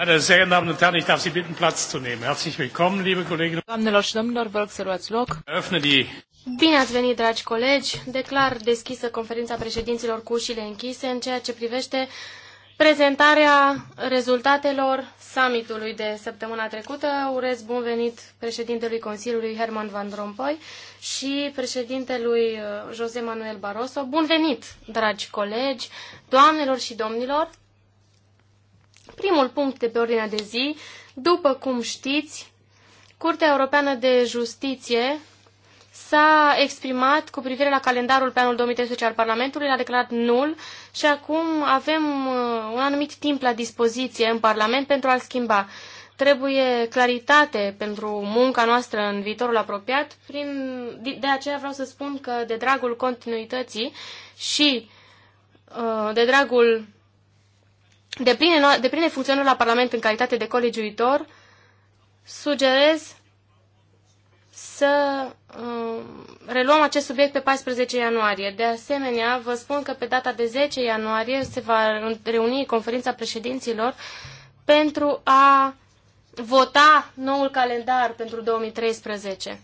Doamnelor și domnilor, vă rog să luați loc. Bine ați venit, dragi colegi. Declar deschisă conferința președinților cu ușile închise în ceea ce privește prezentarea rezultatelor summitului de săptămâna trecută. Urez bun venit președintelui Consiliului Herman Van Rompuy și președintelui uh, José Manuel Barroso. Bun venit, dragi colegi, doamnelor și domnilor! Primul punct de pe ordinea de zi, după cum știți, Curtea Europeană de Justiție s-a exprimat cu privire la calendarul pe anul 2013 al Parlamentului, l-a declarat nul și acum avem uh, un anumit timp la dispoziție în Parlament pentru a-l schimba. Trebuie claritate pentru munca noastră în viitorul apropiat, prin, de aceea vreau să spun că de dragul continuității și uh, de dragul de depline funcționul la Parlament în calitate de colegiuitor, sugerez să um, reluăm acest subiect pe 14 ianuarie. De asemenea, vă spun că pe data de 10 ianuarie se va reuni conferința președinților pentru a vota noul calendar pentru 2013.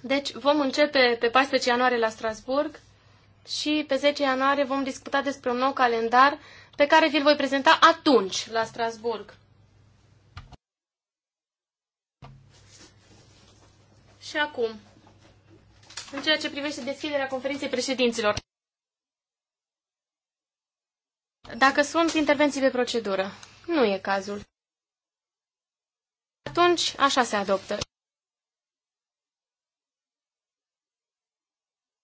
Deci vom începe pe 14 ianuarie la Strasburg și pe 10 ianuarie vom discuta despre un nou calendar pe care vi-l voi prezenta atunci la Strasburg. Și acum, în ceea ce privește deschiderea conferinței președinților. Dacă sunt intervenții pe procedură, nu e cazul. Atunci, așa se adoptă.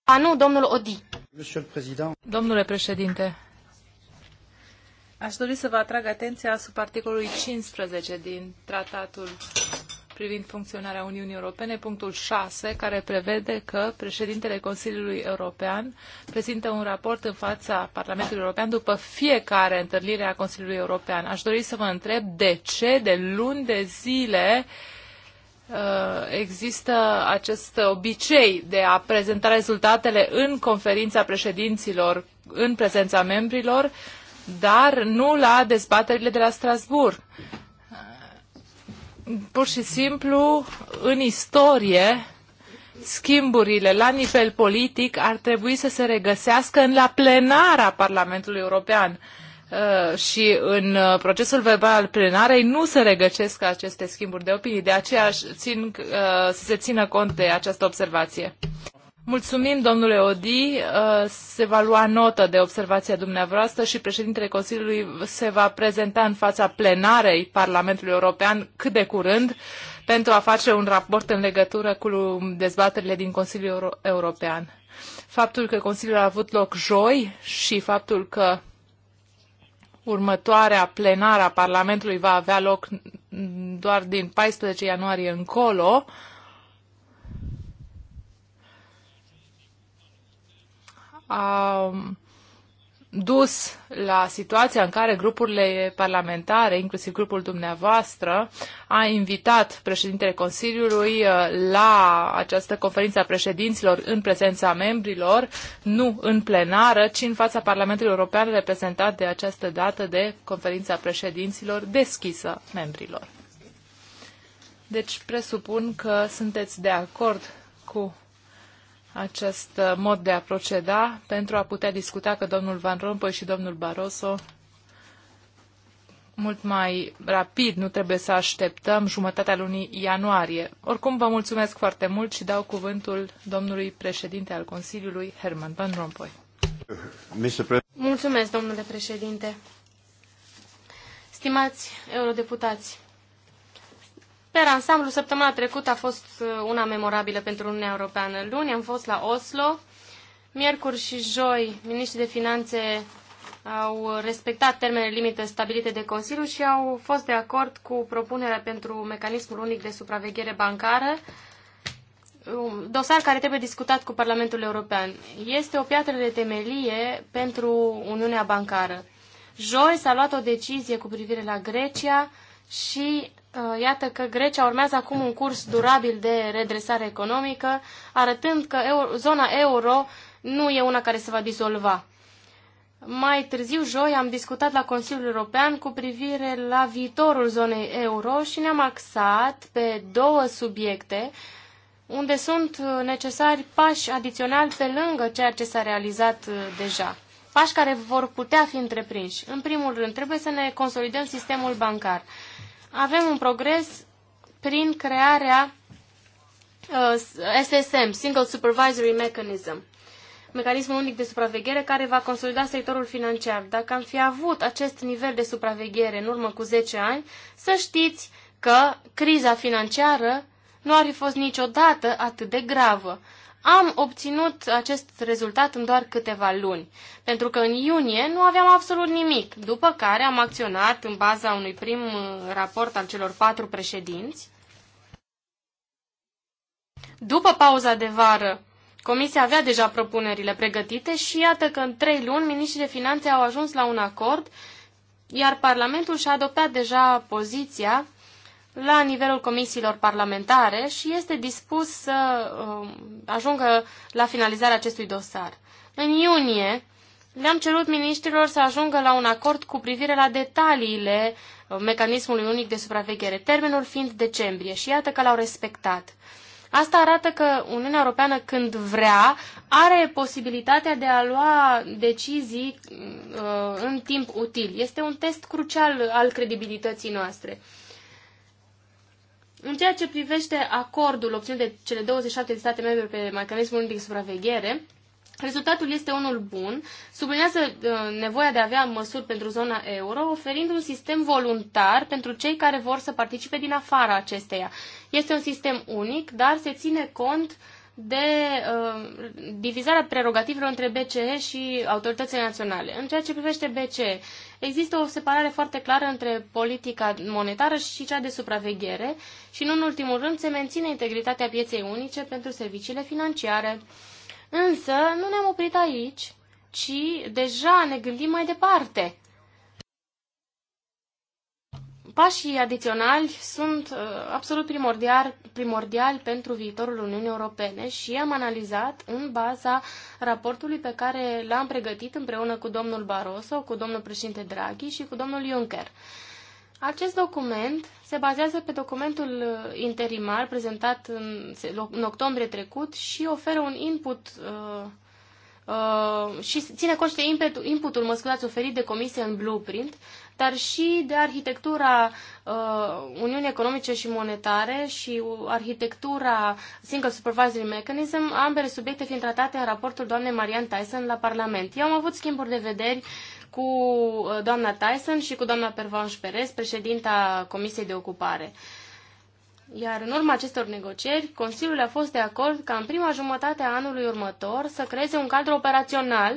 A, nu, domnul Odi. Domnule președinte, aș dori să vă atrag atenția asupra articolului 15 din tratatul privind funcționarea Uniunii Europene, punctul 6, care prevede că președintele Consiliului European prezintă un raport în fața Parlamentului European după fiecare întâlnire a Consiliului European. Aș dori să vă întreb de ce de luni de zile uh, Uh, există acest obicei de a prezenta rezultatele în conferința președinților, în prezența membrilor, dar nu la dezbaterile de la Strasburg. Uh, pur și simplu, în istorie, schimburile la nivel politic ar trebui să se regăsească în la plenara Parlamentului European Uh, și în uh, procesul verbal al plenarei nu se regăcesc aceste schimburi de opinii. De aceea țin, uh, să se țină cont de această observație. Mulțumim, domnule Odi. Se va lua notă de observația dumneavoastră și președintele Consiliului se va prezenta în fața plenarei Parlamentului European cât de curând pentru a face un raport în legătură cu dezbaterile din Consiliul Euro European. Faptul că Consiliul a avut loc joi și faptul că următoarea plenară a Parlamentului va avea loc doar din 14 ianuarie încolo, um, dus la situația în care grupurile parlamentare, inclusiv grupul dumneavoastră, a invitat președintele Consiliului uh, la această conferință a președinților în prezența membrilor, nu în plenară, ci în fața Parlamentului European reprezentat de această dată de conferința președinților deschisă membrilor. Deci presupun că sunteți de acord cu acest uh, mod de a proceda pentru a putea discuta că domnul Van Rompuy și domnul Barroso mult mai rapid, nu trebuie să așteptăm jumătatea lunii ianuarie. Oricum, vă mulțumesc foarte mult și dau cuvântul domnului președinte al Consiliului, Herman Van Rompuy. Mulțumesc, domnule președinte. Stimați eurodeputați, Per ansamblu, săptămâna trecută a fost uh, una memorabilă pentru Uniunea Europeană. Luni am fost la Oslo, miercuri și joi ministrii de finanțe au respectat termenele limite stabilite de Consiliu și au fost de acord cu propunerea pentru mecanismul unic de supraveghere bancară, um, dosar care trebuie discutat cu Parlamentul European. Este o piatră de temelie pentru Uniunea Bancară. Joi s-a luat o decizie cu privire la Grecia și Uh, iată că Grecia urmează acum un curs durabil de redresare economică, arătând că euro, zona euro nu e una care se va dizolva. Mai târziu, joi, am discutat la Consiliul European cu privire la viitorul zonei euro și ne-am axat pe două subiecte unde sunt necesari pași adiționali pe lângă ceea ce s-a realizat uh, deja. Pași care vor putea fi întreprinși. În primul rând, trebuie să ne consolidăm sistemul bancar avem un progres prin crearea uh, SSM, Single Supervisory Mechanism, mecanismul unic de supraveghere care va consolida sectorul financiar. Dacă am fi avut acest nivel de supraveghere în urmă cu 10 ani, să știți că criza financiară nu ar fi fost niciodată atât de gravă. Am obținut acest rezultat în doar câteva luni, pentru că în iunie nu aveam absolut nimic, după care am acționat în baza unui prim uh, raport al celor patru președinți. După pauza de vară, Comisia avea deja propunerile pregătite și iată că în trei luni miniștrii de finanțe au ajuns la un acord, iar Parlamentul și-a adoptat deja poziția la nivelul comisiilor parlamentare și este dispus să um, ajungă la finalizarea acestui dosar. În iunie le-am cerut ministrilor să ajungă la un acord cu privire la detaliile uh, mecanismului unic de supraveghere, termenul fiind decembrie și iată că l-au respectat. Asta arată că Uniunea Europeană, când vrea, are posibilitatea de a lua decizii uh, în timp util. Este un test crucial al credibilității noastre. În ceea ce privește acordul obținut de cele 27 de state membre pe mecanismul de supraveghere, Rezultatul este unul bun, sublinează uh, nevoia de a avea măsuri pentru zona euro, oferind un sistem voluntar pentru cei care vor să participe din afara acesteia. Este un sistem unic, dar se ține cont uh, de uh, divizarea prerogativelor între BCE și autoritățile naționale. În ceea ce privește BCE, există o separare foarte clară între politica monetară și cea de supraveghere și, nu în ultimul rând, se menține integritatea pieței unice pentru serviciile financiare. Însă, nu ne-am oprit aici, ci deja ne gândim mai departe – Pașii adiționali sunt uh, absolut primordial, primordial pentru viitorul Uniunii Europene și am analizat în baza raportului pe care l-am pregătit împreună cu domnul Barroso, cu domnul președinte Draghi și cu domnul Juncker. Acest document se bazează pe documentul uh, interimar prezentat în, în octombrie trecut și oferă un input uh, uh, și ține cont de input, inputul, mă scuzați, oferit de comisie în blueprint uh, dar și de arhitectura uh, Uniunii Economice și Monetare și arhitectura Single Supervisory Mechanism, ambele subiecte fiind tratate în raportul doamnei Marian Tyson la Parlament. Eu am avut schimburi de vederi cu uh, doamna Tyson și cu doamna Pervanș Perez, președinta Comisiei de Ocupare. Iar în urma acestor negocieri, Consiliul a fost de acord ca în prima jumătate a anului următor să creeze un cadru operațional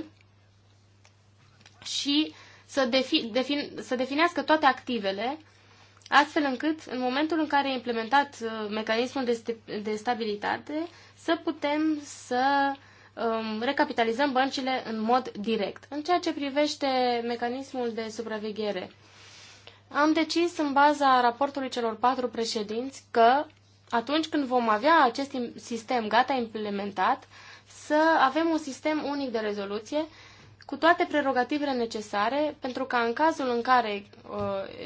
și să, defi, defin, să definească toate activele, astfel încât, în momentul în care e implementat uh, mecanismul de, de stabilitate, să putem să um, recapitalizăm băncile în mod direct. În ceea ce privește mecanismul de supraveghere, am decis în baza raportului celor patru președinți că atunci când vom avea acest sistem gata implementat, să avem un sistem unic de rezoluție cu toate prerogativele necesare, pentru ca în cazul în care uh,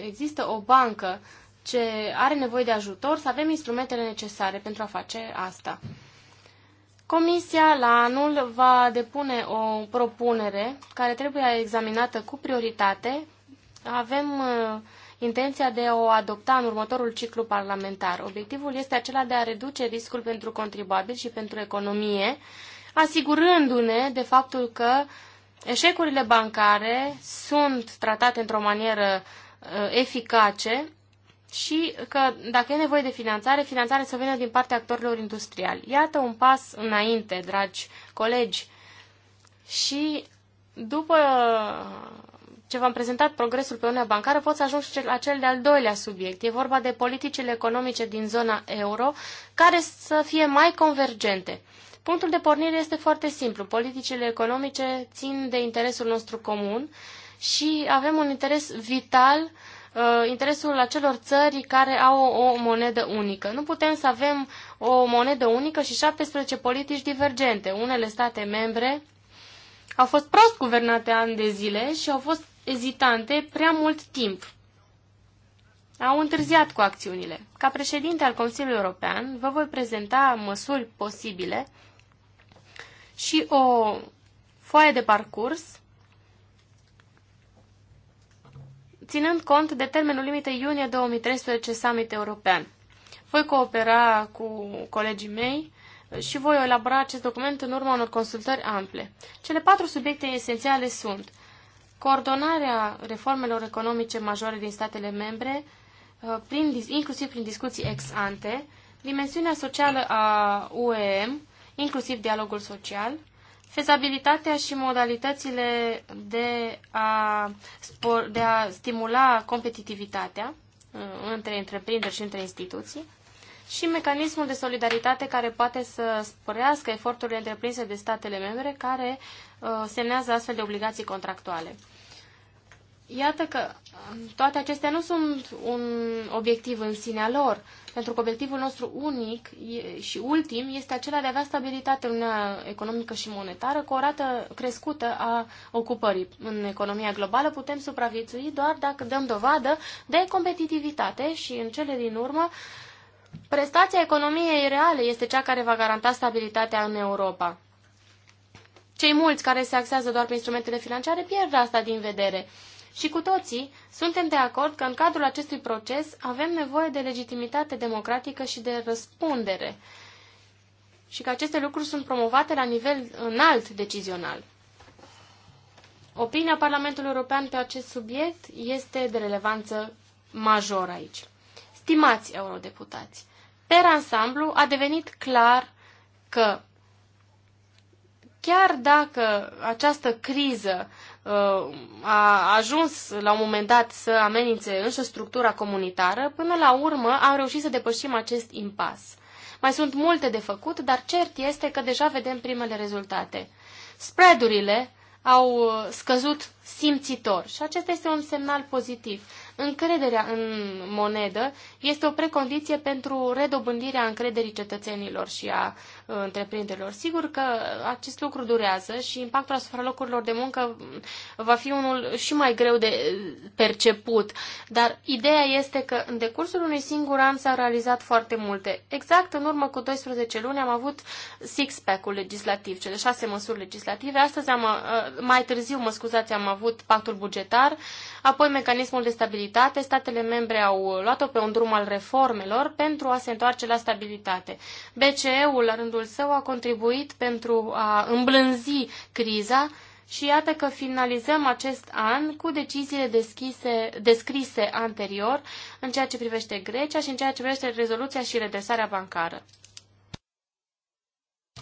există o bancă ce are nevoie de ajutor, să avem instrumentele necesare pentru a face asta. Comisia la anul va depune o propunere care trebuie examinată cu prioritate. Avem uh, intenția de a o adopta în următorul ciclu parlamentar. Obiectivul este acela de a reduce riscul pentru contribuabil și pentru economie, asigurându-ne de faptul că uh, Eșecurile bancare sunt tratate într-o manieră uh, eficace și că dacă e nevoie de finanțare, finanțarea să vină din partea actorilor industriali. Iată un pas înainte, dragi colegi. Și după ce v-am prezentat progresul pe uniunea bancară, pot să ajung și la cel de-al doilea subiect. E vorba de politicile economice din zona euro care să fie mai convergente. Punctul de pornire este foarte simplu. Politicile economice țin de interesul nostru comun și avem un interes vital, uh, interesul acelor țări care au o monedă unică. Nu putem să avem o monedă unică și 17 politici divergente. Unele state membre au fost prost guvernate ani de zile și au fost ezitante prea mult timp. Au întârziat cu acțiunile. Ca președinte al Consiliului European, vă voi prezenta măsuri posibile și o foaie de parcurs, ținând cont de termenul limite iunie 2013 summit european. Voi coopera cu colegii mei și voi elabora acest document în urma unor consultări ample. Cele patru subiecte esențiale sunt coordonarea reformelor economice majore din statele membre, uh, prin, inclusiv prin discuții ex ante, dimensiunea socială a UEM, inclusiv dialogul social, fezabilitatea și modalitățile de a, spor, de a stimula competitivitatea uh, între întreprinderi și între instituții și mecanismul de solidaritate care poate să sporească eforturile întreprinse de statele membre care uh, semnează astfel de obligații contractuale. Iată că um, toate acestea nu sunt un obiectiv în sinea lor, pentru că obiectivul nostru unic și ultim este acela de a avea stabilitate în lumea Economică și Monetară cu o rată crescută a ocupării. În economia globală putem supraviețui doar dacă dăm dovadă de competitivitate și în cele din urmă prestația economiei reale este cea care va garanta stabilitatea în Europa. Cei mulți care se axează doar pe instrumentele financiare pierd asta din vedere. Și cu toții suntem de acord că în cadrul acestui proces avem nevoie de legitimitate democratică și de răspundere și că aceste lucruri sunt promovate la nivel înalt decizional. Opinia Parlamentului European pe acest subiect este de relevanță majoră aici. Stimați eurodeputați, per ansamblu a devenit clar că chiar dacă această criză Uh, a ajuns la un moment dat să amenințe însă structura comunitară, până la urmă am reușit să depășim acest impas. Mai sunt multe de făcut, dar cert este că deja vedem primele rezultate. Spreadurile au uh, scăzut simțitor și acesta este un semnal pozitiv. Încrederea în monedă este o precondiție pentru redobândirea încrederii cetățenilor și a întreprinderilor. Sigur că acest lucru durează și impactul asupra locurilor de muncă va fi unul și mai greu de perceput, dar ideea este că în decursul unui singur an s-au realizat foarte multe. Exact în urmă cu 12 luni am avut six-pack-ul legislativ, cele șase măsuri legislative. Astăzi am, uh, mai târziu, mă scuzați, am avut pactul bugetar, apoi mecanismul de stabilitate. Statele membre au luat-o pe un drum al reformelor pentru a se întoarce la stabilitate. BCE-ul, la rândul rândul său a contribuit pentru a îmblânzi criza și iată că finalizăm acest an cu deciziile deschise, descrise anterior în ceea ce privește Grecia și în ceea ce privește rezoluția și redresarea bancară.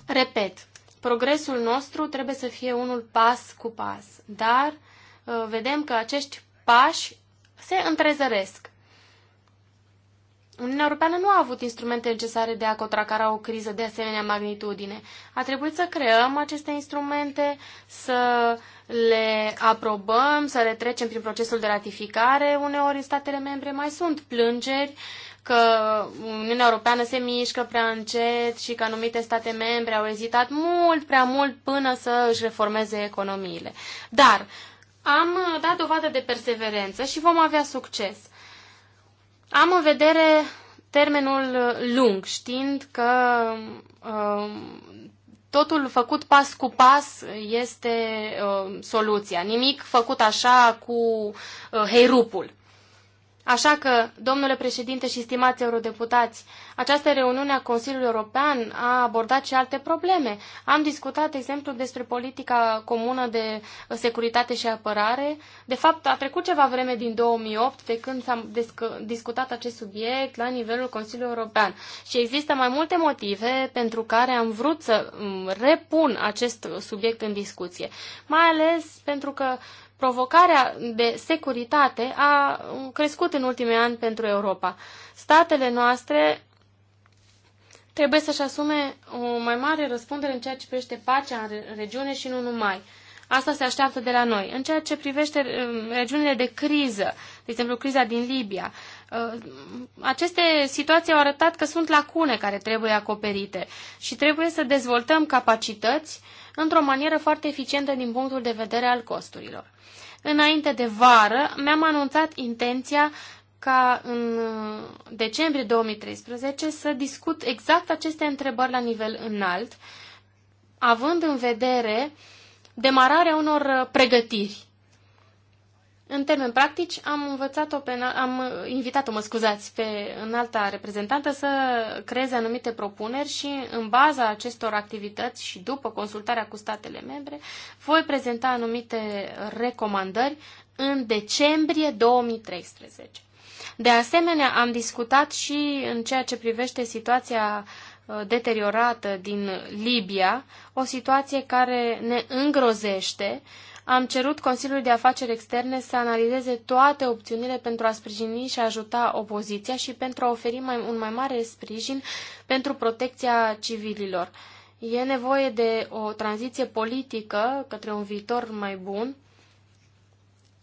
Repet, progresul nostru trebuie să fie unul pas cu pas, dar uh, vedem că acești pași se întrezăresc. Uniunea Europeană nu a avut instrumente necesare de a contracara o criză de asemenea magnitudine. A trebuit să creăm aceste instrumente, să le aprobăm, să le trecem prin procesul de ratificare. Uneori în statele membre mai sunt plângeri că Uniunea Europeană se mișcă prea încet și că anumite state membre au ezitat mult, prea mult până să își reformeze economiile. Dar am dat dovadă de perseverență și vom avea succes. Am în vedere termenul lung, știind că um, totul făcut pas cu pas este um, soluția. Nimic făcut așa cu uh, heirupul. Așa că, domnule președinte și stimați eurodeputați, această reuniune a Consiliului European a abordat și alte probleme. Am discutat, de exemplu, despre politica comună de securitate și apărare. De fapt, a trecut ceva vreme din 2008 de când s-a discutat acest subiect la nivelul Consiliului European. Și există mai multe motive pentru care am vrut să mm, repun acest subiect în discuție. Mai ales pentru că provocarea de securitate a crescut în ultimii ani pentru Europa. Statele noastre trebuie să-și asume o mai mare răspundere în ceea ce privește pacea în regiune și nu numai. Asta se așteaptă de la noi. În ceea ce privește uh, regiunile de criză, de exemplu criza din Libia, uh, aceste situații au arătat că sunt lacune care trebuie acoperite și trebuie să dezvoltăm capacități uh, într-o manieră foarte eficientă din punctul de vedere al costurilor. Înainte de vară, mi-am anunțat intenția ca în decembrie 2013 să discut exact aceste întrebări la nivel înalt, având în vedere demararea unor pregătiri în termeni practici, am, învățat-o pe, am invitat-o, mă scuzați, pe înalta reprezentantă să creeze anumite propuneri și în baza acestor activități și după consultarea cu statele membre, voi prezenta anumite recomandări în decembrie 2013. De asemenea, am discutat și în ceea ce privește situația uh, deteriorată din Libia, o situație care ne îngrozește, uh, am cerut Consiliului de Afaceri Externe să analizeze toate opțiunile pentru a sprijini și a ajuta opoziția și pentru a oferi mai, un mai mare sprijin pentru protecția civililor. E nevoie de o tranziție politică către un viitor mai bun,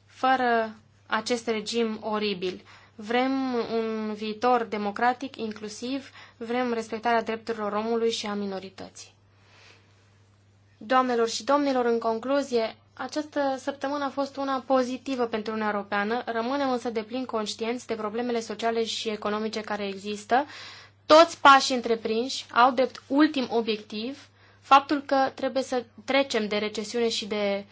fără acest regim oribil. Vrem un viitor democratic, inclusiv, vrem respectarea drepturilor omului și a minorității. Doamnelor și domnilor, în concluzie, această săptămână a fost una pozitivă pentru Uniunea Europeană. Rămânem însă deplin conștienți de problemele sociale și economice care există. Toți pașii întreprinși au drept ultim obiectiv faptul că trebuie să trecem de recesiune și de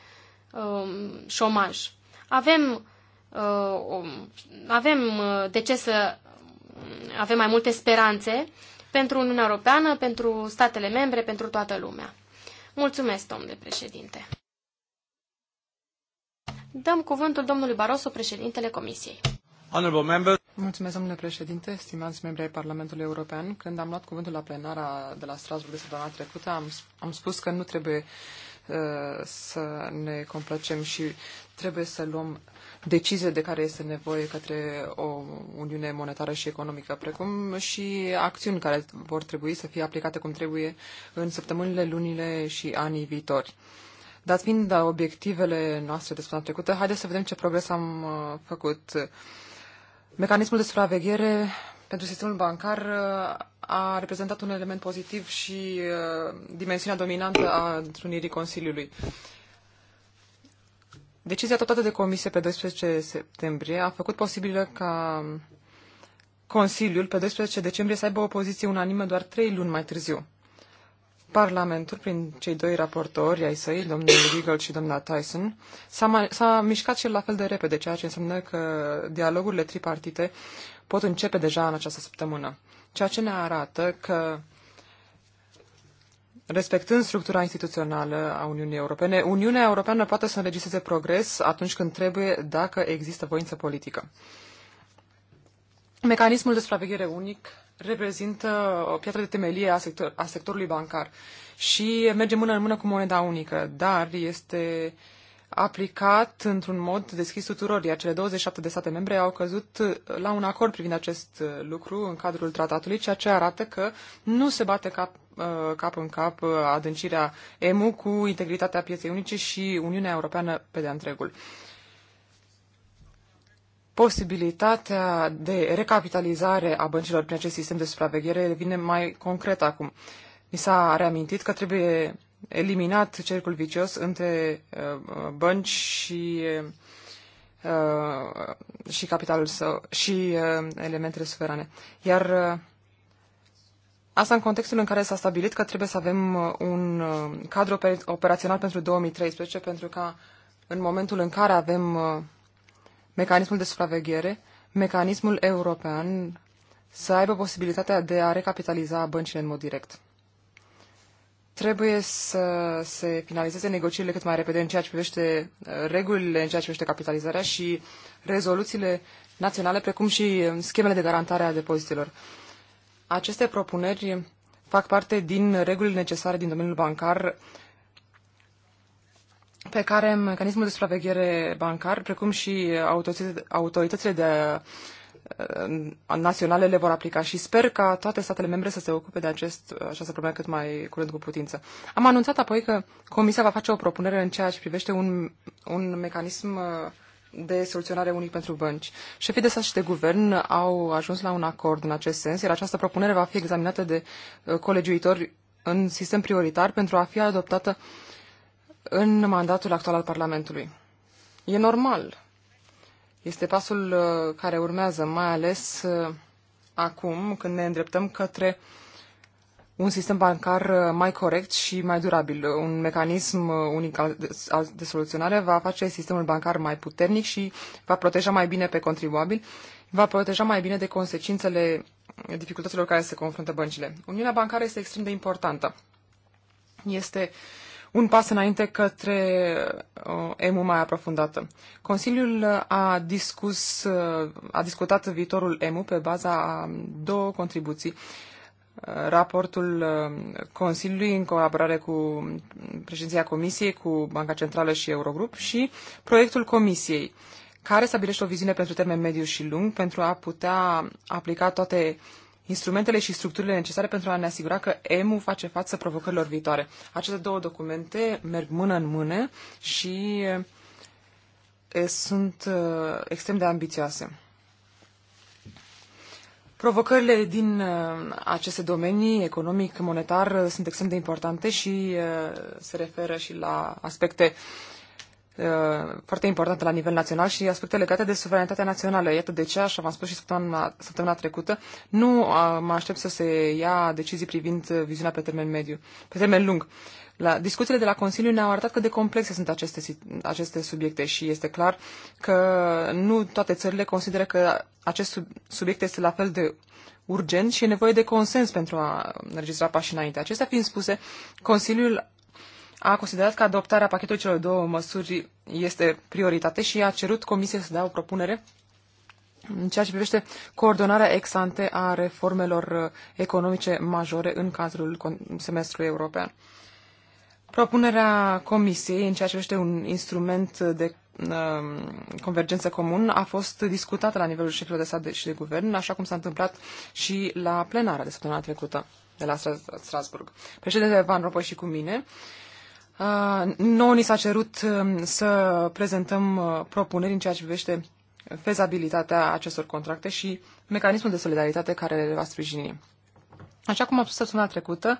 um, șomaj. Avem, uh, um, avem uh, de ce să avem mai multe speranțe pentru Uniunea Europeană, pentru statele membre, pentru toată lumea. Mulțumesc, domnule președinte. Dăm cuvântul domnului Barroso, președintele Comisiei. Mulțumesc, domnule președinte, stimați membri ai Parlamentului European. Când am luat cuvântul la plenara de la Strasbourg de săptămâna trecută, am, am spus că nu trebuie uh, să ne complacem și trebuie să luăm decizie de care este nevoie către o uniune monetară și economică, precum și acțiuni care vor trebui să fie aplicate cum trebuie în săptămânile, lunile și anii viitori. Dat fiind da, obiectivele noastre de săptămâna trecută, haideți să vedem ce progres am uh, făcut. Mecanismul de supraveghere pentru sistemul bancar uh, a reprezentat un element pozitiv și uh, dimensiunea dominantă a întrunirii Consiliului. Decizia totată de comisie pe 12 septembrie a făcut posibilă ca Consiliul pe 12 decembrie să aibă o poziție unanimă doar trei luni mai târziu. Parlamentul, prin cei doi raportori ai săi, domnul Regal și doamna Tyson, s-a, mișcat și el la fel de repede, ceea ce înseamnă că dialogurile tripartite pot începe deja în această săptămână. Ceea ce ne arată că, respectând structura instituțională a Uniunii Europene, Uniunea Europeană poate să înregistreze progres atunci când trebuie, dacă există voință politică. Mecanismul de supraveghere unic reprezintă o piatră de temelie a, sector, a sectorului bancar și merge mână în mână cu moneda unică, dar este aplicat într-un mod deschis tuturor, iar cele 27 de state membre au căzut la un acord privind acest lucru în cadrul tratatului, ceea ce arată că nu se bate cap, uh, cap în cap adâncirea EMU cu integritatea pieței unice și Uniunea Europeană pe de-a întregul posibilitatea de recapitalizare a băncilor prin acest sistem de supraveghere vine mai concret acum. Mi s-a reamintit că trebuie eliminat cercul vicios între uh, bănci și, uh, și capitalul său și uh, elementele suverane. Iar Asta în contextul în care s-a stabilit că trebuie să avem un cadru operațional pentru 2013, pentru ca în momentul în care avem mecanismul de supraveghere, mecanismul european să aibă posibilitatea de a recapitaliza băncile în mod direct. Trebuie să se finalizeze negocierile cât mai repede în ceea ce privește uh, regulile, în ceea ce privește capitalizarea și rezoluțiile naționale, precum și um, schemele de garantare a depozitelor. Aceste propuneri fac parte din regulile necesare din domeniul bancar pe care mecanismul de supraveghere bancar, precum și autoritățile de uh, naționale le vor aplica și sper ca toate statele membre să se ocupe de acest, uh, această problemă cât mai curând cu putință. Am anunțat apoi că Comisia va face o propunere în ceea ce privește un, un mecanism uh, de soluționare unic pentru bănci. Șefii de stat și de guvern au ajuns la un acord în acest sens, iar această propunere va fi examinată de colegiuitori în sistem prioritar pentru a fi adoptată uh, în mandatul actual al Parlamentului. E normal. Este pasul uh, care urmează, mai ales uh, acum, când ne îndreptăm către un sistem bancar uh, mai corect și mai durabil. Un mecanism unic de soluționare va face sistemul bancar mai puternic și va proteja mai bine pe contribuabil, va proteja mai bine de consecințele dificultăților care se confruntă băncile. Uniunea bancară este extrem de importantă. Este uh, un pas înainte către o uh, EMU mai aprofundată. Consiliul uh, a, discus, uh, a discutat viitorul EMU pe baza a două contribuții. Raportul Consiliului în colaborare cu președinția Comisiei, cu Banca Centrală și Eurogrup și proiectul Comisiei care stabilește o viziune pentru termen mediu și lung pentru a putea aplica toate uh, instrumentele și structurile necesare pentru a ne asigura că EMU face față provocărilor viitoare. Aceste două documente merg mână în mână și sunt extrem de ambițioase. Provocările din aceste domenii, economic, monetar, sunt extrem de importante și se referă și la aspecte uh, Uh, foarte importante la nivel național și aspecte legate de suveranitatea națională. Iată de ce, așa v-am spus și săptămâna, săptămâna trecută, nu uh, mă aștept să se ia decizii privind viziunea pe termen mediu, pe termen lung. La discuțiile de la Consiliu ne-au arătat cât de complexe sunt aceste, aceste subiecte și este clar că nu toate țările consideră că acest subiect este la fel de urgent și e nevoie de consens pentru a înregistra pașii înainte. Acestea fiind spuse, Consiliul a considerat că adoptarea pachetului celor două măsuri este prioritate și a cerut Comisiei să dea o propunere în ceea ce privește coordonarea ex ante a reformelor uh, economice majore în cadrul semestrului european. Propunerea Comisiei în ceea ce privește un instrument de uh, convergență comun a fost discutată la nivelul șefilor de stat și de guvern, așa cum s-a întâmplat și la plenara de săptămâna trecută de la Strasburg. Președintele Van Rompuy și cu mine Uh, noi ni s-a cerut um, să prezentăm uh, propuneri în ceea ce privește fezabilitatea acestor contracte și mecanismul de solidaritate care le va sprijini. Așa cum am spus săptămâna trecută,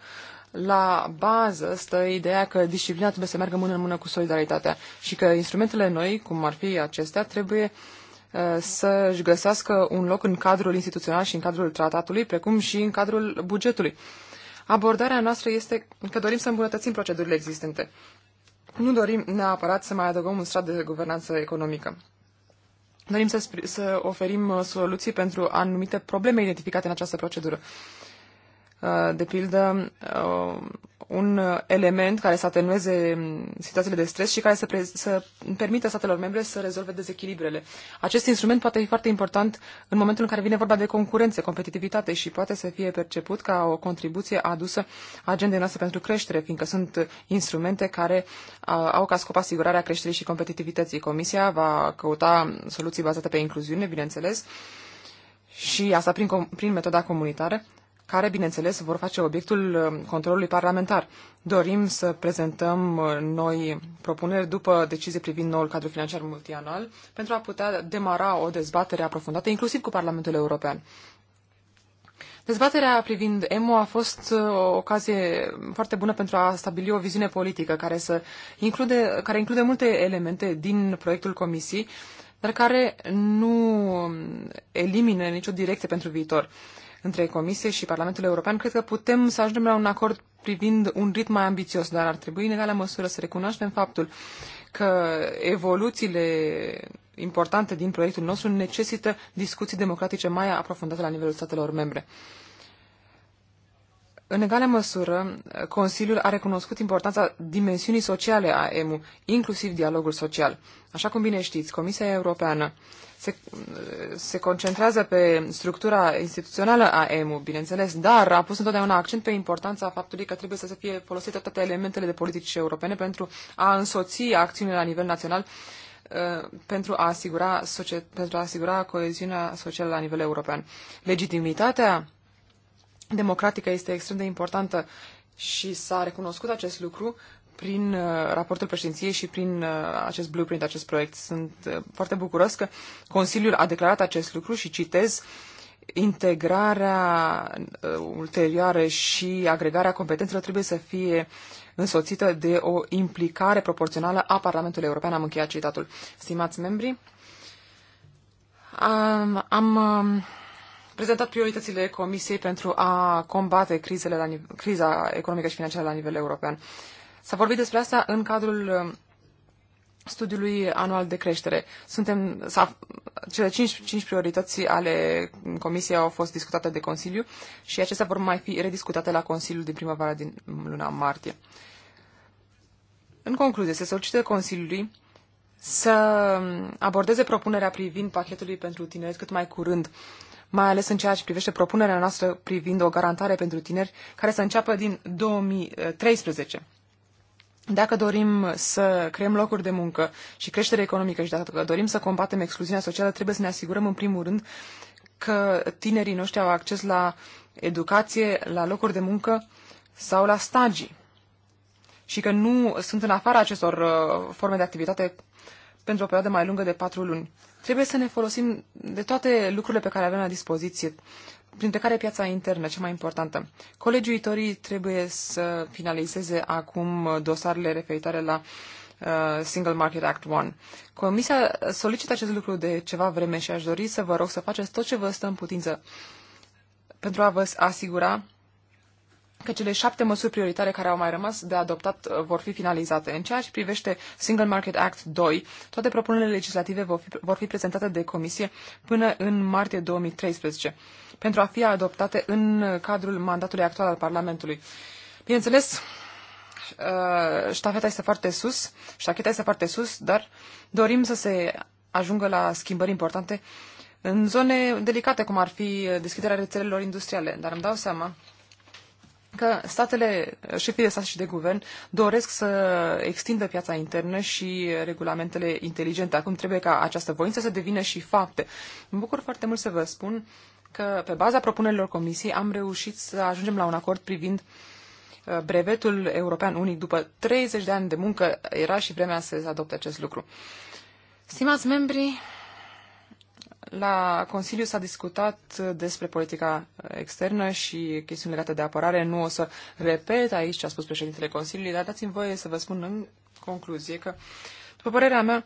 la bază stă ideea că disciplina trebuie să meargă mână în mână cu solidaritatea și că instrumentele noi, cum ar fi acestea, trebuie uh, să-și găsească un loc în cadrul instituțional și în cadrul tratatului, precum și în cadrul bugetului abordarea noastră este că dorim să îmbunătățim procedurile existente. Nu dorim neapărat să mai adăugăm un strat de guvernanță economică. Dorim să, să oferim uh, soluții pentru anumite probleme identificate în această procedură. Uh, de pildă, uh, un element care să atenueze situațiile de stres și care să, pre- să permită statelor membre să rezolve dezechilibrele. Acest instrument poate fi foarte important în momentul în care vine vorba de concurență, competitivitate și poate să fie perceput ca o contribuție adusă agendei noastre pentru creștere, fiindcă sunt instrumente care uh, au ca scop asigurarea creșterii și competitivității. Comisia va căuta soluții bazate pe incluziune, bineînțeles, și asta prin, prin metoda comunitară, care, bineînțeles, vor face obiectul uh, controlului parlamentar. Dorim să prezentăm uh, noi propuneri după decizie privind noul cadru financiar multianual pentru a putea demara o dezbatere aprofundată, inclusiv cu Parlamentul European. Dezbaterea privind EMO a fost uh, o ocazie foarte bună pentru a stabili o viziune politică care, să include, care include multe elemente din proiectul Comisiei, dar care nu um, elimine nicio direcție pentru viitor între Comisie și Parlamentul European, cred că putem să ajungem la un acord privind un ritm mai ambițios, dar ar trebui în egală măsură să recunoaștem faptul că evoluțiile importante din proiectul nostru necesită discuții democratice mai aprofundate la nivelul statelor membre. În egală măsură, Consiliul a recunoscut importanța dimensiunii sociale a EMU, inclusiv dialogul social. Așa cum bine știți, Comisia Europeană se, se concentrează pe structura instituțională a EMU, bineînțeles, dar a pus întotdeauna accent pe importanța faptului că trebuie să se fie folosite toate elementele de politici europene pentru a însoți acțiunile la nivel național uh, pentru a, asigura, pentru a asigura coeziunea socială la nivel european. Legitimitatea democratică este extrem de importantă și s-a recunoscut acest lucru prin uh, raportul președinției și prin uh, acest blueprint, acest proiect. Sunt uh, foarte bucuros că Consiliul a declarat acest lucru și citez integrarea ulterioară și agregarea competențelor trebuie să fie însoțită de o implicare proporțională a Parlamentului European. Am încheiat citatul. Stimați membri, am, am prezentat prioritățile Comisiei pentru a combate crizele la, criza economică și financiară la nivel european. S-a vorbit despre asta în cadrul um, studiului anual de creștere. Suntem, cele cinci, cinci priorități ale Comisiei au fost discutate de Consiliu și acestea vor mai fi rediscutate la Consiliul din primăvară din um, luna martie. În concluzie, se solicită Consiliului să um, abordeze propunerea privind pachetului pentru tineret cât mai curând mai ales în ceea ce privește propunerea noastră privind o garantare pentru tineri care să înceapă din 2013. Dacă dorim să creăm locuri de muncă și creștere economică și dacă dorim să combatem excluziunea socială, trebuie să ne asigurăm în primul rând că tinerii noștri au acces la educație, la locuri de muncă sau la stagii și că nu sunt în afara acestor uh, forme de activitate pentru o perioadă mai lungă de patru luni. Trebuie să ne folosim de toate lucrurile pe care avem la dispoziție, printre care piața internă, cea mai importantă. Colegiuitorii trebuie să finalizeze acum dosarele referitoare la uh, Single Market Act 1. Comisia solicită acest lucru de ceva vreme și aș dori să vă rog să faceți tot ce vă stă în putință pentru a vă asigura că cele șapte măsuri prioritare care au mai rămas de adoptat uh, vor fi finalizate. În ceea ce privește Single Market Act 2, toate propunerile legislative vor fi, vor fi prezentate de Comisie până în martie 2013, pentru a fi adoptate în cadrul mandatului actual al Parlamentului. Bineînțeles, uh, ștafeta este foarte sus, ștacheta este foarte sus, dar dorim să se ajungă la schimbări importante în zone delicate, cum ar fi uh, deschiderea rețelelor industriale. Dar îmi dau seama că statele, șefii de stat și de guvern doresc să extindă piața internă și regulamentele inteligente. Acum trebuie ca această voință să devină și fapte. Mă bucur foarte mult să vă spun că pe baza propunerilor comisiei am reușit să ajungem la un acord privind uh, brevetul european unic după 30 de ani de muncă. Era și vremea să se adopte acest lucru. Stimați membri, la Consiliu s-a discutat despre politica externă și chestiuni legate de apărare. Nu o să repet aici ce a spus președintele Consiliului, dar dați-mi voie să vă spun în concluzie că, după părerea mea,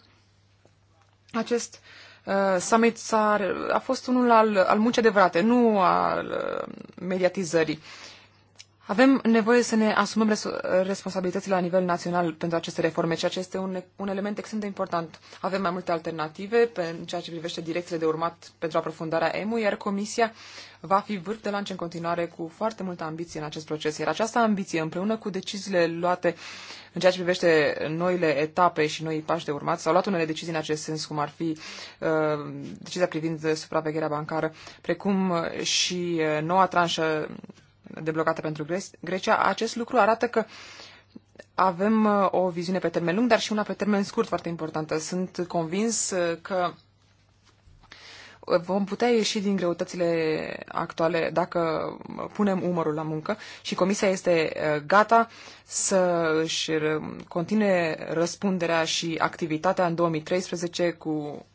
acest uh, summit a a fost unul al, al muncii adevărate, nu al uh, mediatizării. Uh, avem nevoie să ne asumăm res- responsabilitățile la nivel național pentru aceste reforme, ceea ce este un, un element extrem de important. Avem mai multe alternative în ceea ce privește direcțiile de urmat pentru aprofundarea EMU, iar Comisia va fi vârf de lance în continuare cu foarte multă ambiție în acest proces. Iar această ambiție, împreună cu deciziile luate în ceea ce privește noile etape și noi pași de urmat, s-au luat unele decizii în acest sens, cum ar fi uh, decizia privind supravegherea bancară, precum și uh, noua tranșă deblocată pentru Grecia, acest lucru arată că avem uh, o viziune pe termen lung, dar și una pe termen scurt foarte importantă. Sunt convins uh, că uh, vom putea ieși din greutățile actuale dacă punem umărul la muncă și Comisia este gata să își continue răspunderea și activitatea în 2013 cu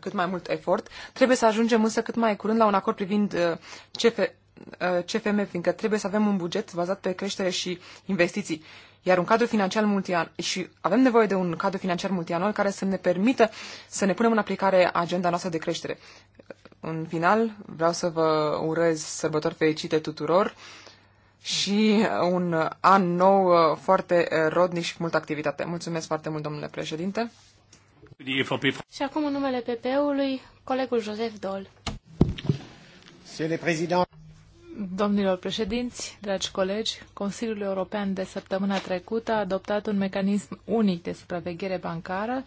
cât mai mult efort. Trebuie să ajungem însă cât mai curând la un acord privind CF, Uh, CFM, fiindcă trebuie să avem un buget bazat pe creștere și investiții. Iar un cadru financiar multian și avem nevoie de un cadru financiar multianual care să ne permită să ne punem în aplicare agenda noastră de creștere. În final, vreau să vă urez sărbători fericite tuturor și un an nou uh, foarte uh, rodnic și multă activitate. Mulțumesc foarte mult, domnule președinte. Și acum, în numele PP-ului, colegul Joseph Dol. Domnilor președinți, dragi colegi, Consiliul European de săptămâna trecută a adoptat un mecanism unic de supraveghere bancară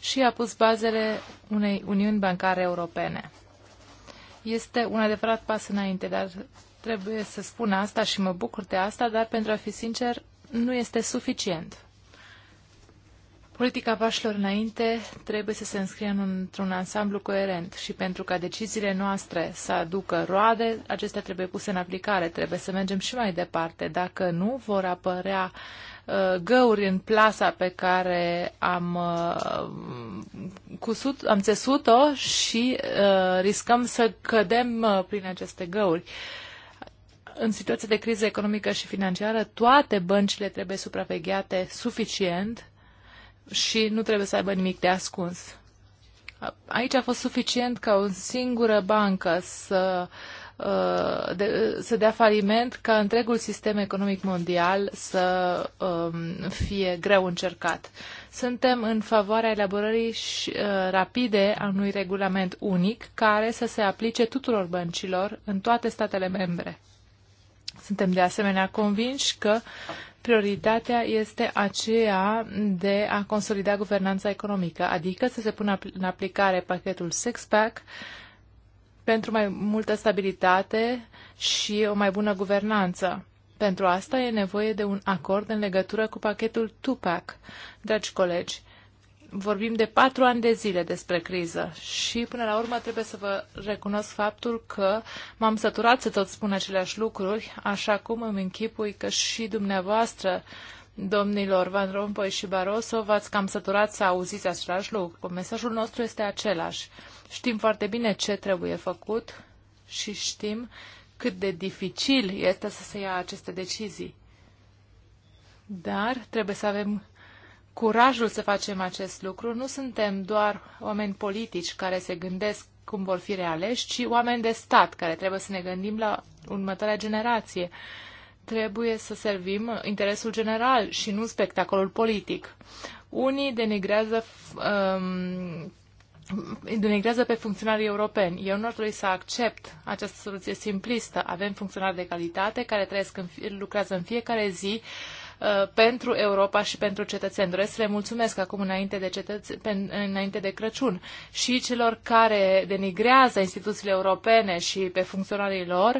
și a pus bazele unei uniuni bancare europene. Este un adevărat pas înainte, dar trebuie să spun asta și mă bucur de asta, dar pentru a fi sincer, nu este suficient. Politica pașilor înainte trebuie să se înscrie într-un ansamblu coerent și pentru ca deciziile noastre să aducă roade, acestea trebuie puse în aplicare, trebuie să mergem și mai departe. Dacă nu, vor apărea uh, găuri în plasa pe care am, uh, cusut, am țesut-o și uh, riscăm să cădem uh, prin aceste găuri. în situația de criză economică și financiară, toate băncile trebuie supravegheate suficient și nu trebuie să aibă nimic de ascuns. Aici a fost suficient ca o singură bancă să, uh, să dea faliment ca întregul sistem economic mondial să um, fie greu încercat. Suntem în favoarea elaborării uh, rapide a unui regulament unic care să se aplice tuturor băncilor în toate statele membre. Suntem de asemenea convinși că prioritatea este aceea de a consolida guvernanța economică, adică să se pună în aplicare pachetul six-pack pentru mai multă stabilitate și o mai bună guvernanță. Pentru asta e nevoie de un acord în legătură cu pachetul Tupac. Dragi colegi, vorbim de patru ani de zile despre criză și până la urmă trebuie să vă recunosc faptul că m-am săturat să tot spun aceleași lucruri, așa cum îmi închipui că și dumneavoastră, domnilor Van Rompuy și Barroso, v-ați cam săturat să auziți același lucru. Mesajul nostru este același. Știm foarte bine ce trebuie făcut și știm cât de dificil este să se ia aceste decizii. Dar trebuie să avem curajul să facem acest lucru. Nu suntem doar oameni politici care se gândesc cum vor fi realeși, ci oameni de stat care trebuie să ne gândim la următoarea generație. Trebuie să servim interesul general și nu spectacolul politic. Unii denigrează um, denigrează pe funcționarii europeni. Eu nu ar trebui să accept această soluție simplistă. Avem funcționari de calitate care trăiesc în, lucrează în fiecare zi uh, Uh, pentru Europa și pentru cetățeni. Doresc să le mulțumesc acum înainte de, cetăț- înainte de Crăciun și celor care denigrează instituțiile europene și pe funcționarii lor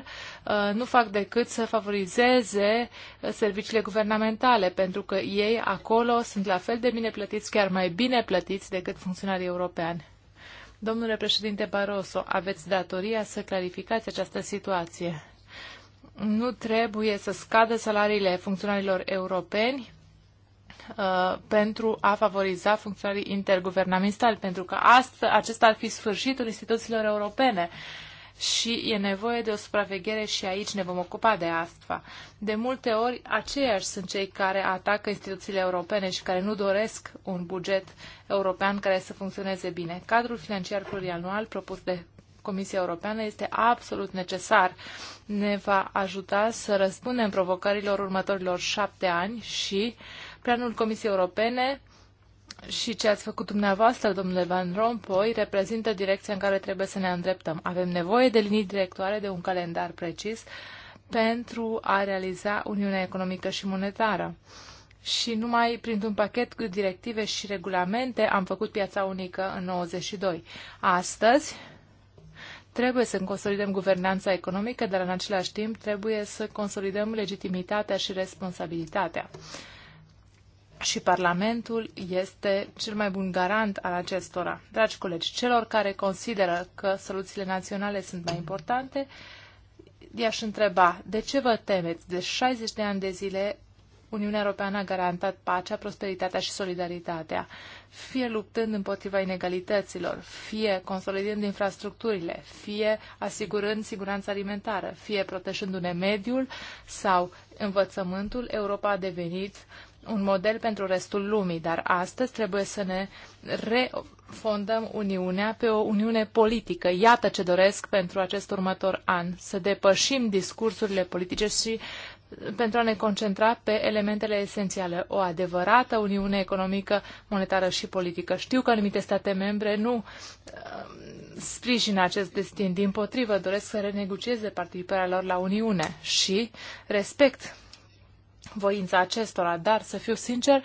uh, nu fac decât să favorizeze uh, serviciile guvernamentale, pentru că ei acolo sunt la fel de bine plătiți, chiar mai bine plătiți decât funcționarii europeni. Domnule președinte Barroso, aveți datoria să clarificați această situație nu trebuie să scadă salariile funcționarilor europeni uh, pentru a favoriza funcționarii interguvernamentali, pentru că asta, acesta ar fi sfârșitul instituțiilor europene și e nevoie de o supraveghere și aici ne vom ocupa de asta. De multe ori, aceiași sunt cei care atacă instituțiile europene și care nu doresc un buget european care să funcționeze bine. Cadrul financiar plurianual propus de Comisia Europeană este absolut necesar. Ne va ajuta să răspundem provocărilor următorilor șapte ani și planul Comisiei Europene și ce ați făcut dumneavoastră, domnule Van Rompuy, reprezintă direcția în care trebuie să ne îndreptăm. Avem nevoie de linii directoare, de un calendar precis pentru a realiza Uniunea Economică și Monetară. Și numai printr-un pachet cu directive și regulamente am făcut piața unică în 92. Astăzi, Trebuie să consolidăm guvernanța economică, dar în același timp trebuie să consolidăm legitimitatea și responsabilitatea. Și Parlamentul este cel mai bun garant al acestora. Dragi colegi, celor care consideră că soluțiile naționale sunt mai importante, i-aș întreba, de ce vă temeți? De 60 de ani de zile Uniunea Europeană a garantat pacea, prosperitatea și solidaritatea, fie luptând împotriva inegalităților, fie consolidând infrastructurile, fie asigurând siguranța alimentară, fie protejându-ne mediul sau învățământul, Europa a devenit un model pentru restul lumii, dar astăzi trebuie să ne refondăm Uniunea pe o Uniune politică. Iată ce doresc pentru acest următor an, să depășim discursurile politice și pentru a ne concentra pe elementele esențiale, o adevărată uniune economică, monetară și politică. Știu că anumite state membre nu um, sprijină acest destin, din potrivă doresc să renegocieze participarea lor la Uniune și respect voința acestora, dar să fiu sincer,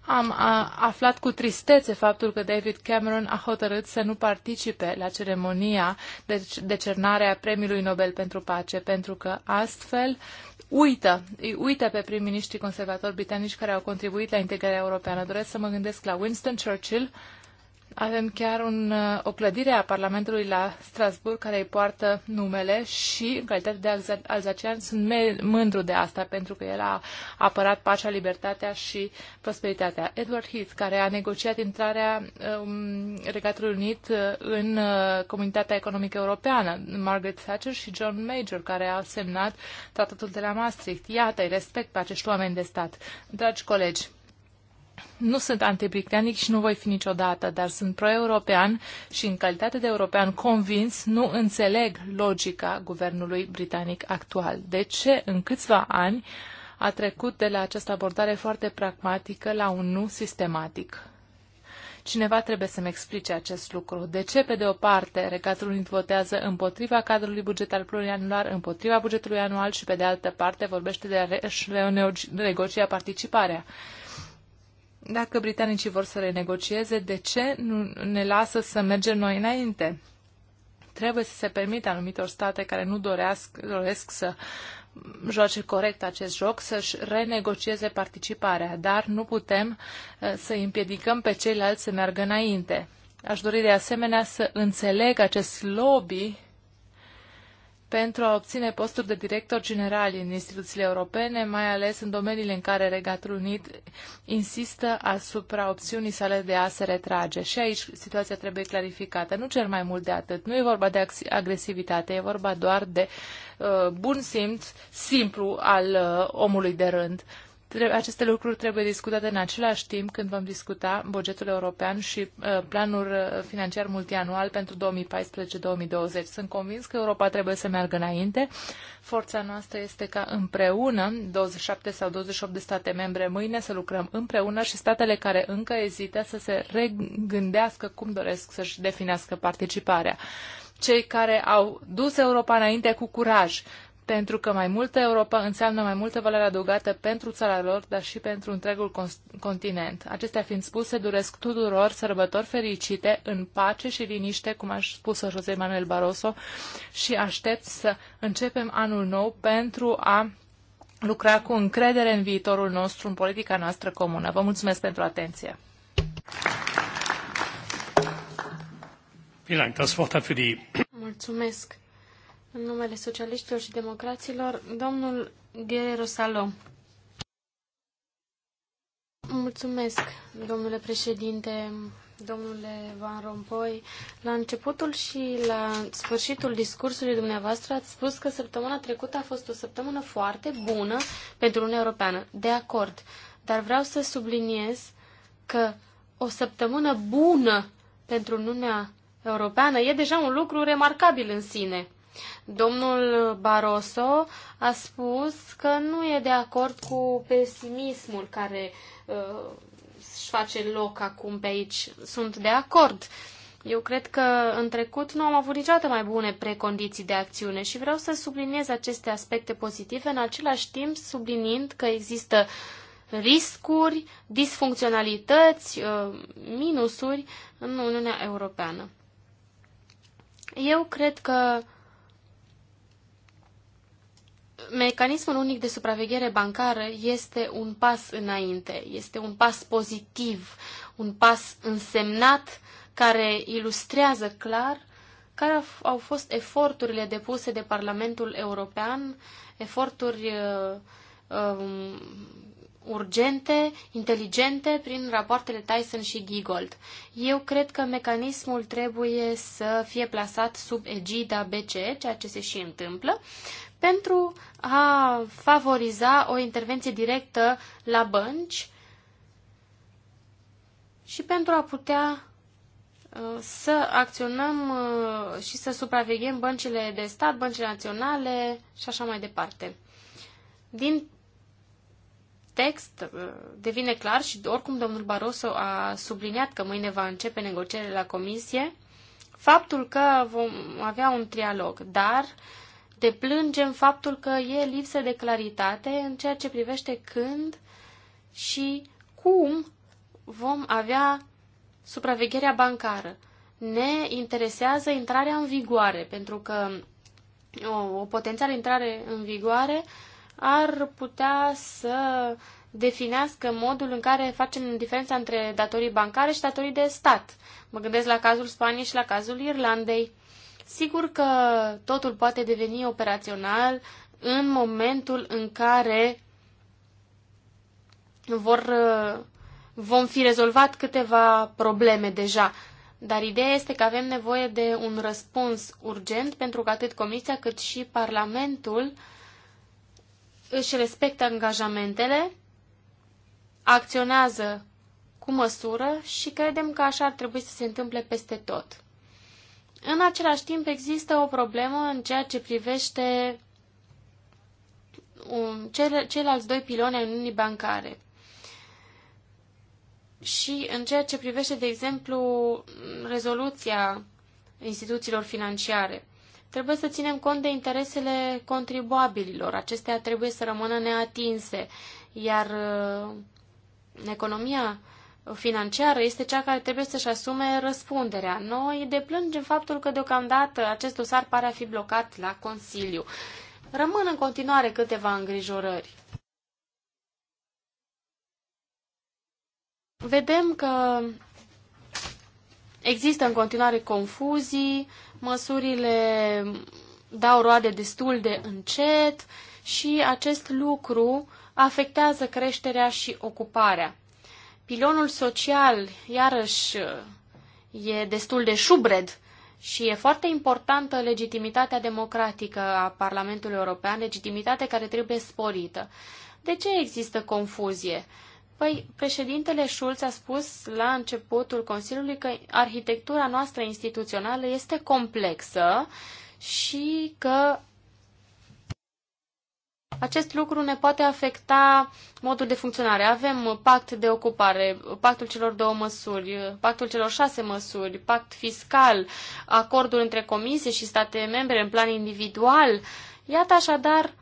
am aflat cu tristețe faptul că David Cameron a hotărât să nu participe la ceremonia de cernare a Premiului Nobel pentru Pace, pentru că astfel uh, uită, uită pe prim-ministrii conservatori britanici care au contribuit la integrarea europeană. Doresc să mă gândesc la Winston Churchill, avem chiar un, uh, o clădire a Parlamentului la Strasburg care îi poartă numele și, în calitate de alzacean, sunt mândru de asta pentru că el a apărat pacea, libertatea și prosperitatea. Edward Heath, care a negociat intrarea um, Regatului Unit uh, în uh, Comunitatea Economică Europeană, Margaret Thatcher și John Major, care a semnat tratatul de la Maastricht. Iată, îi respect pe acești oameni de stat. Dragi colegi, nu sunt antibritanic și nu voi fi niciodată, dar sunt pro-european și în calitate de european convins nu înțeleg logica guvernului britanic actual. De ce în câțiva ani a trecut de la această abordare foarte pragmatică la un nu sistematic? Cineva trebuie să-mi explice acest lucru. De ce, pe de o parte, Regatul Unit votează împotriva cadrului bugetar plurianular, împotriva bugetului anual și, pe de altă parte, vorbește de a renegocia participarea? Dacă britanicii vor să renegocieze, de ce nu ne lasă să mergem noi înainte? Trebuie să se permită anumitor state care nu doresc, doresc să joace corect acest joc, să-și renegocieze participarea, dar nu putem uh, să împiedicăm pe ceilalți să meargă înainte. Aș dori de asemenea să înțeleg acest lobby pentru a obține posturi de director general în instituțiile europene, mai ales în domeniile în care Regatul Unit insistă asupra opțiunii sale de a se retrage. Și aici situația trebuie clarificată. Nu cer mai mult de atât. Nu e vorba de agresivitate, e vorba doar de uh, bun simț simplu al uh, omului de rând. Uh, aceste lucruri trebuie discutate în același timp când vom discuta bugetul european și uh, planul uh, financiar multianual pentru 2014-2020. Sunt convins că Europa trebuie să meargă înainte. Forța noastră este ca împreună, 27 sau 28 de state membre mâine, să lucrăm împreună și statele care încă ezită să se regândească cum doresc să-și definească participarea cei care au dus Europa înainte cu curaj, pentru că mai multă Europa înseamnă mai multă valoare adăugată pentru țara lor, dar și pentru întregul continent. Acestea fiind spuse, doresc tuturor sărbători fericite, în pace și liniște, cum a spus-o José Manuel Barroso, și aștept să începem anul nou pentru a lucra cu încredere în viitorul nostru, în politica noastră comună. Vă mulțumesc pentru atenție! Mulțumesc! în numele socialiștilor și democraților, domnul Guerrero Salom. Mulțumesc, domnule președinte, domnule Van Rompuy. La începutul și la sfârșitul discursului dumneavoastră ați spus că săptămâna trecută a fost o săptămână foarte bună pentru Uniunea Europeană. De acord. Dar vreau să subliniez că o săptămână bună pentru Uniunea Europeană e deja un lucru remarcabil în sine. Domnul Barroso a spus că nu e de acord cu pesimismul care uh, își face loc acum pe aici. Sunt de acord. Eu cred că în trecut nu am avut niciodată mai bune precondiții de acțiune și vreau să subliniez aceste aspecte pozitive, în același timp sublinind că există riscuri, disfuncționalități, uh, minusuri în Uniunea Europeană. Eu cred că mecanismul unic de supraveghere bancară este un pas înainte, este un pas pozitiv, un pas însemnat care ilustrează clar care au fost eforturile depuse de Parlamentul European, eforturi uh, um, urgente, inteligente, prin rapoartele Tyson și Giggold. Eu cred că mecanismul trebuie să fie plasat sub egida BCE, ceea ce se și întâmplă, pentru a favoriza o intervenție directă la bănci și pentru a putea uh, să acționăm uh, și să supraveghem băncile de stat, băncile naționale și așa mai departe. Din text uh, devine clar și oricum domnul Barroso a subliniat că mâine va începe negocierile la comisie, faptul că vom avea un trialog, dar uh, te plânge în faptul că e lipsă de claritate în ceea ce privește când și cum vom avea supravegherea bancară. Ne interesează intrarea în vigoare, pentru că o, o potențială intrare în vigoare ar putea să definească modul în care facem diferența între datorii bancare și datorii de stat. Mă gândesc la cazul Spaniei și la cazul Irlandei. Sigur că totul poate deveni operațional în momentul în care vor, vom fi rezolvat câteva probleme deja. Dar ideea este că avem nevoie de un răspuns urgent pentru că atât Comisia cât și Parlamentul își respectă angajamentele, acționează cu măsură și credem că așa ar trebui să se întâmple peste tot. În același timp există o problemă în ceea ce privește um, ceilalți doi piloni ai Uniunii Bancare. Și în ceea ce privește, de exemplu, rezoluția instituțiilor financiare. Trebuie să ținem cont de interesele contribuabililor. Acestea trebuie să rămână neatinse. Iar uh, economia uh, financiară este cea care trebuie să-și asume răspunderea. Noi deplângem faptul că deocamdată acest dosar pare a fi blocat la Consiliu. Rămân în continuare câteva îngrijorări. Vedem că există în continuare confuzii, măsurile dau roade destul de încet și acest lucru afectează creșterea și ocuparea. Pilonul social, iarăși, e destul de șubred și e foarte importantă legitimitatea democratică a Parlamentului European, legitimitate care trebuie sporită. De ce există confuzie? Păi, președintele Schulz a spus la începutul Consiliului că arhitectura noastră instituțională este complexă și că acest lucru ne poate afecta modul de funcționare. Avem pact de ocupare, pactul celor două măsuri, pactul celor șase măsuri, pact fiscal, acordul între comisie și state membre în plan individual. Iată așadar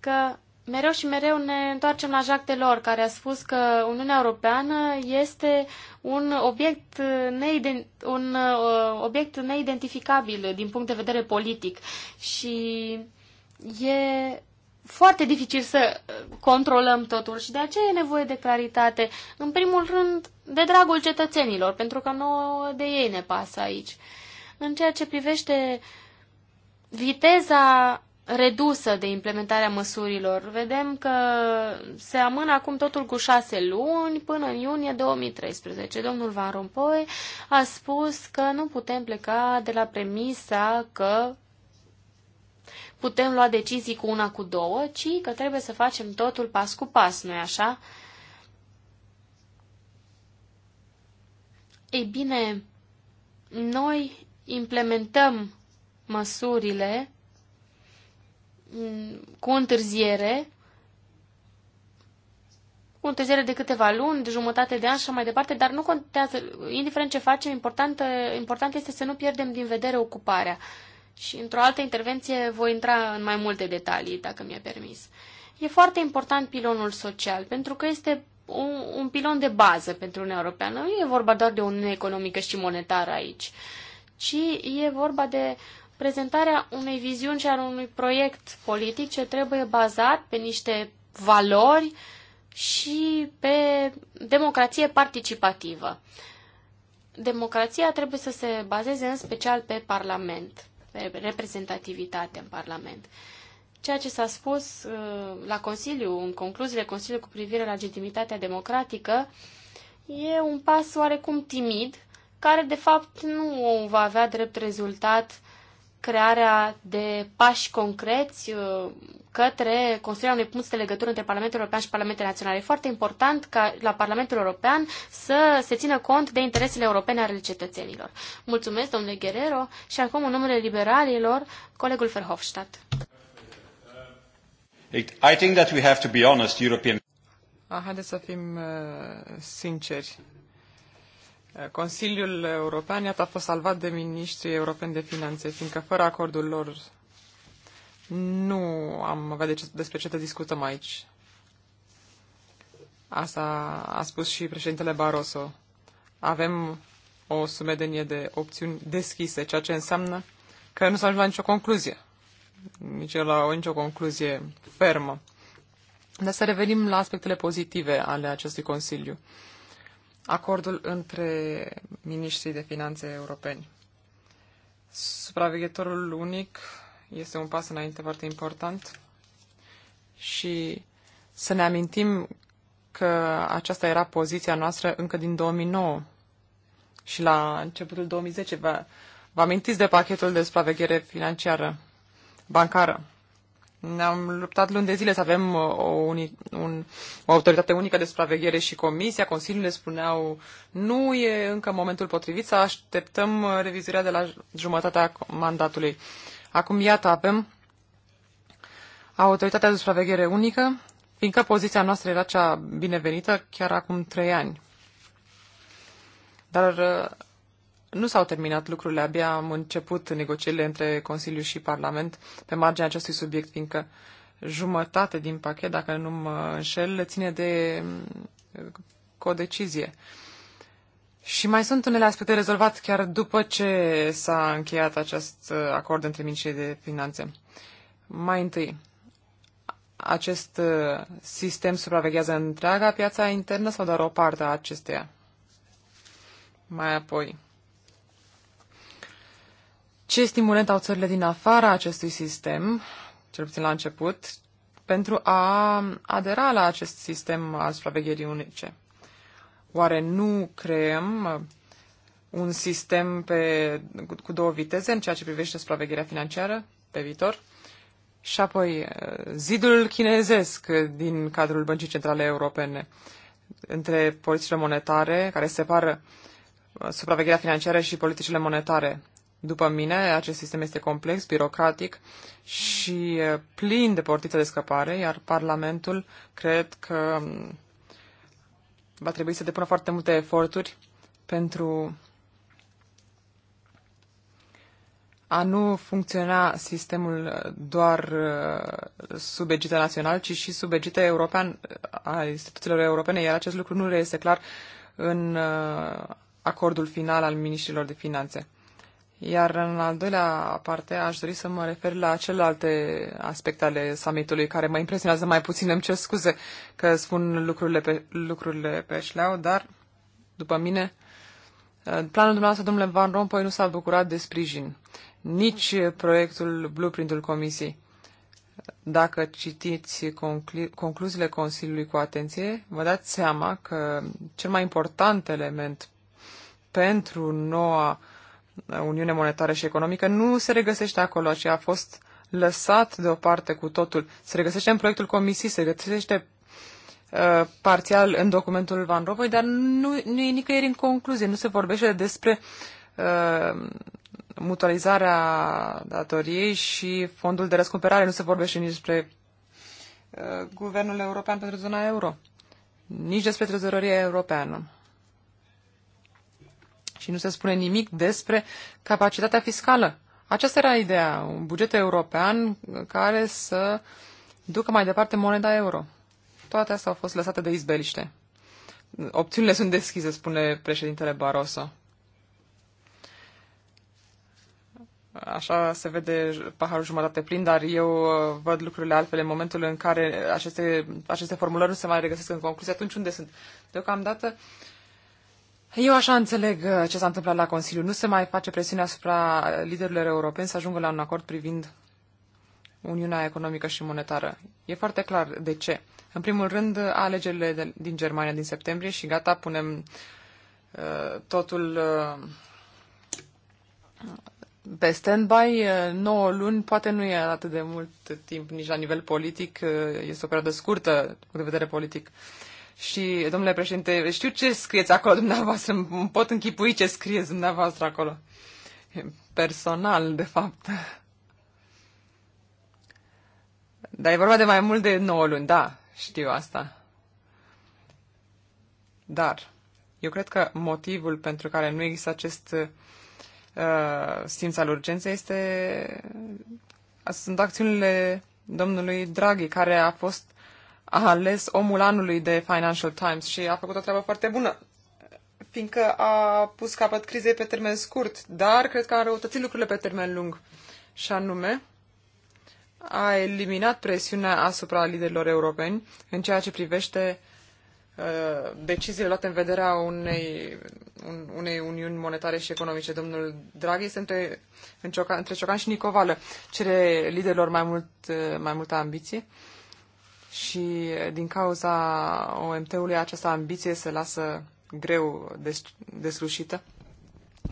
că mereu și mereu ne întoarcem la Jacques Delors, care a spus că Uniunea Europeană este un obiect, neiden- un, uh, obiect neidentificabil din punct de vedere politic. Și e foarte dificil să controlăm totul și de aceea e nevoie de claritate. În primul rând, de dragul cetățenilor, pentru că nouă de ei ne pasă aici. În ceea ce privește viteza redusă de implementarea măsurilor, vedem că se amână acum totul cu șase luni până în iunie 2013. Domnul Van Rompuy a spus că nu putem pleca de la premisa că putem lua decizii cu una, cu două, ci că trebuie să facem totul pas cu pas, nu-i așa? Ei bine, noi implementăm măsurile cu întârziere, cu întârziere de câteva luni, de jumătate de an și așa mai departe, dar nu contează, indiferent ce facem, important, important este să nu pierdem din vedere ocuparea și într-o altă intervenție voi intra în mai multe detalii, dacă mi-e permis. E foarte important pilonul social, pentru că este un, un pilon de bază pentru Uniunea Europeană. Nu e vorba doar de Uniune economică și monetară aici, ci e vorba de prezentarea unei viziuni și a unui proiect politic ce trebuie bazat pe niște valori și pe democrație participativă. Democrația trebuie să se bazeze în special pe Parlament reprezentativitate în Parlament. Ceea ce s-a spus uh, la Consiliu, în concluziile Consiliului cu privire la legitimitatea democratică, e un pas oarecum timid, care de fapt nu va avea drept rezultat crearea de pași concreți uh, către construirea unui punct de legătură între Parlamentul European și Parlamentele Naționale. E foarte important ca la Parlamentul European să se țină cont de interesele europene ale cetățenilor. Mulțumesc, domnule Guerrero, și acum în numele liberalilor, colegul Verhofstadt. I think that we have to be honest, European... Ah, haideți să fim uh, sinceri. Consiliul European, iată, a fost salvat de miniștrii europeni de finanțe, fiindcă fără acordul lor nu am avea de ce, despre ce te discutăm aici. Asta a spus și președintele Barroso. Avem o sumedenie de opțiuni deschise, ceea ce înseamnă că nu s-a ajuns la nicio concluzie. Nici la o, nicio concluzie fermă. Dar să revenim la aspectele pozitive ale acestui Consiliu. Uh, acordul între miniștrii de finanțe europeni. Supraveghetorul unic este un pas înainte foarte important și să ne amintim că aceasta era poziția noastră încă din 2009 și la începutul 2010. Vă, vă amintiți de pachetul de supraveghere financiară, bancară? Ne-am luptat luni de zile să avem uh, o, uni, un, o autoritate unică de supraveghere și comisia. Consiliul ne spuneau nu e încă momentul potrivit să așteptăm uh, revizuirea de la jumătatea mandatului. Acum, iată, avem autoritatea de supraveghere unică, fiindcă poziția noastră era cea binevenită chiar acum trei ani. Dar uh, nu s-au terminat lucrurile, abia am început negocierile între Consiliu și Parlament pe marginea acestui subiect, fiindcă jumătate din pachet, dacă nu mă înșel, ține de mm, codecizie. Și mai sunt unele aspecte rezolvate chiar după ce s-a încheiat acest uh, acord între Ministrii de Finanțe. Mai întâi, acest uh, sistem supraveghează întreaga piața internă sau doar o parte a acesteia? Mai apoi, ce stimulent au țările din afara acestui sistem, cel puțin la început, pentru a adera la acest sistem al supravegherii unice? Oare nu creăm un sistem pe, cu două viteze în ceea ce privește supravegherea financiară pe viitor? Și apoi zidul chinezesc din cadrul Băncii Centrale Europene între politicile monetare care separă supravegherea financiară și politicile monetare. După mine, acest sistem este complex, birocratic și eh, plin de portițe de scăpare, iar Parlamentul cred că mm, va trebui să depună foarte multe eforturi pentru a nu funcționa sistemul eh, doar eh, sub egită național, ci și sub egită european a instituțiilor europene, iar acest lucru nu reiese clar în acordul final al ministrilor de finanțe. Iar în al doilea parte aș dori să mă refer la celelalte aspecte ale summitului care mă impresionează mai puțin. Îmi cer scuze că spun lucrurile pe, lucrurile pe șleau, dar după mine planul dumneavoastră, domnule Van Rompuy, nu s-a bucurat de sprijin. Nici proiectul blueprintul comisiei. Dacă citiți conclu- concluziile Consiliului cu atenție, vă dați seama că cel mai important element pentru noua uh, Uniune Monetară și Economică nu se regăsește acolo, ci a fost lăsat deoparte cu totul. Se regăsește în proiectul comisiei, se regăsește uh, parțial în documentul Van Rompuy, dar nu, nu e nicăieri în concluzie. Nu se vorbește despre uh, mutualizarea datoriei și fondul de răscumpărare. Nu se vorbește nici despre uh, Guvernul European pentru zona euro, nici despre trezoreria europeană și nu se spune nimic despre capacitatea fiscală. Aceasta era ideea, un buget european care să ducă mai departe moneda euro. Toate astea au fost lăsate de izbeliște. Opțiunile sunt deschise, spune președintele Barroso. Așa se vede paharul jumătate plin, dar eu uh, văd lucrurile altfel în momentul în care aceste, aceste formulări nu se mai regăsesc în concluzie. Atunci unde sunt? Deocamdată uh, eu așa înțeleg uh, ce s-a întâmplat la Consiliu. Nu se mai face presiune asupra liderilor europeni să ajungă la un acord privind Uniunea Economică și Monetară. E foarte clar de ce. În primul rând, alegerile de, din Germania din septembrie și gata, punem uh, totul uh, pe stand-by. Uh, 9 luni poate nu e atât de mult timp nici la nivel politic, uh, este o perioadă scurtă cu de vedere politic. Uh, și, domnule președinte, știu ce scrieți acolo dumneavoastră, îmi pot închipui ce scrieți dumneavoastră acolo. Personal, de fapt. Dar e vorba de mai mult de 9 luni, da, știu asta. Dar eu cred că motivul pentru care nu există acest uh, simț al urgenței este sunt acțiunile domnului Draghi, care a fost a ales omul anului de Financial Times și a făcut o treabă foarte bună, fiindcă a pus capăt crizei pe termen scurt, dar cred că a răutățit lucrurile pe termen lung. Și anume, a eliminat presiunea asupra liderilor europeni în ceea ce privește uh, deciziile luate în vederea unei, un, unei uniuni monetare și economice. Domnul Draghi este între, în Ciocan, între Ciocan și Nicovală. Cere liderilor mai, mult, uh, mai multă ambiție. Uh, și eh, din cauza OMT-ului această ambiție se lasă greu des, deslușită.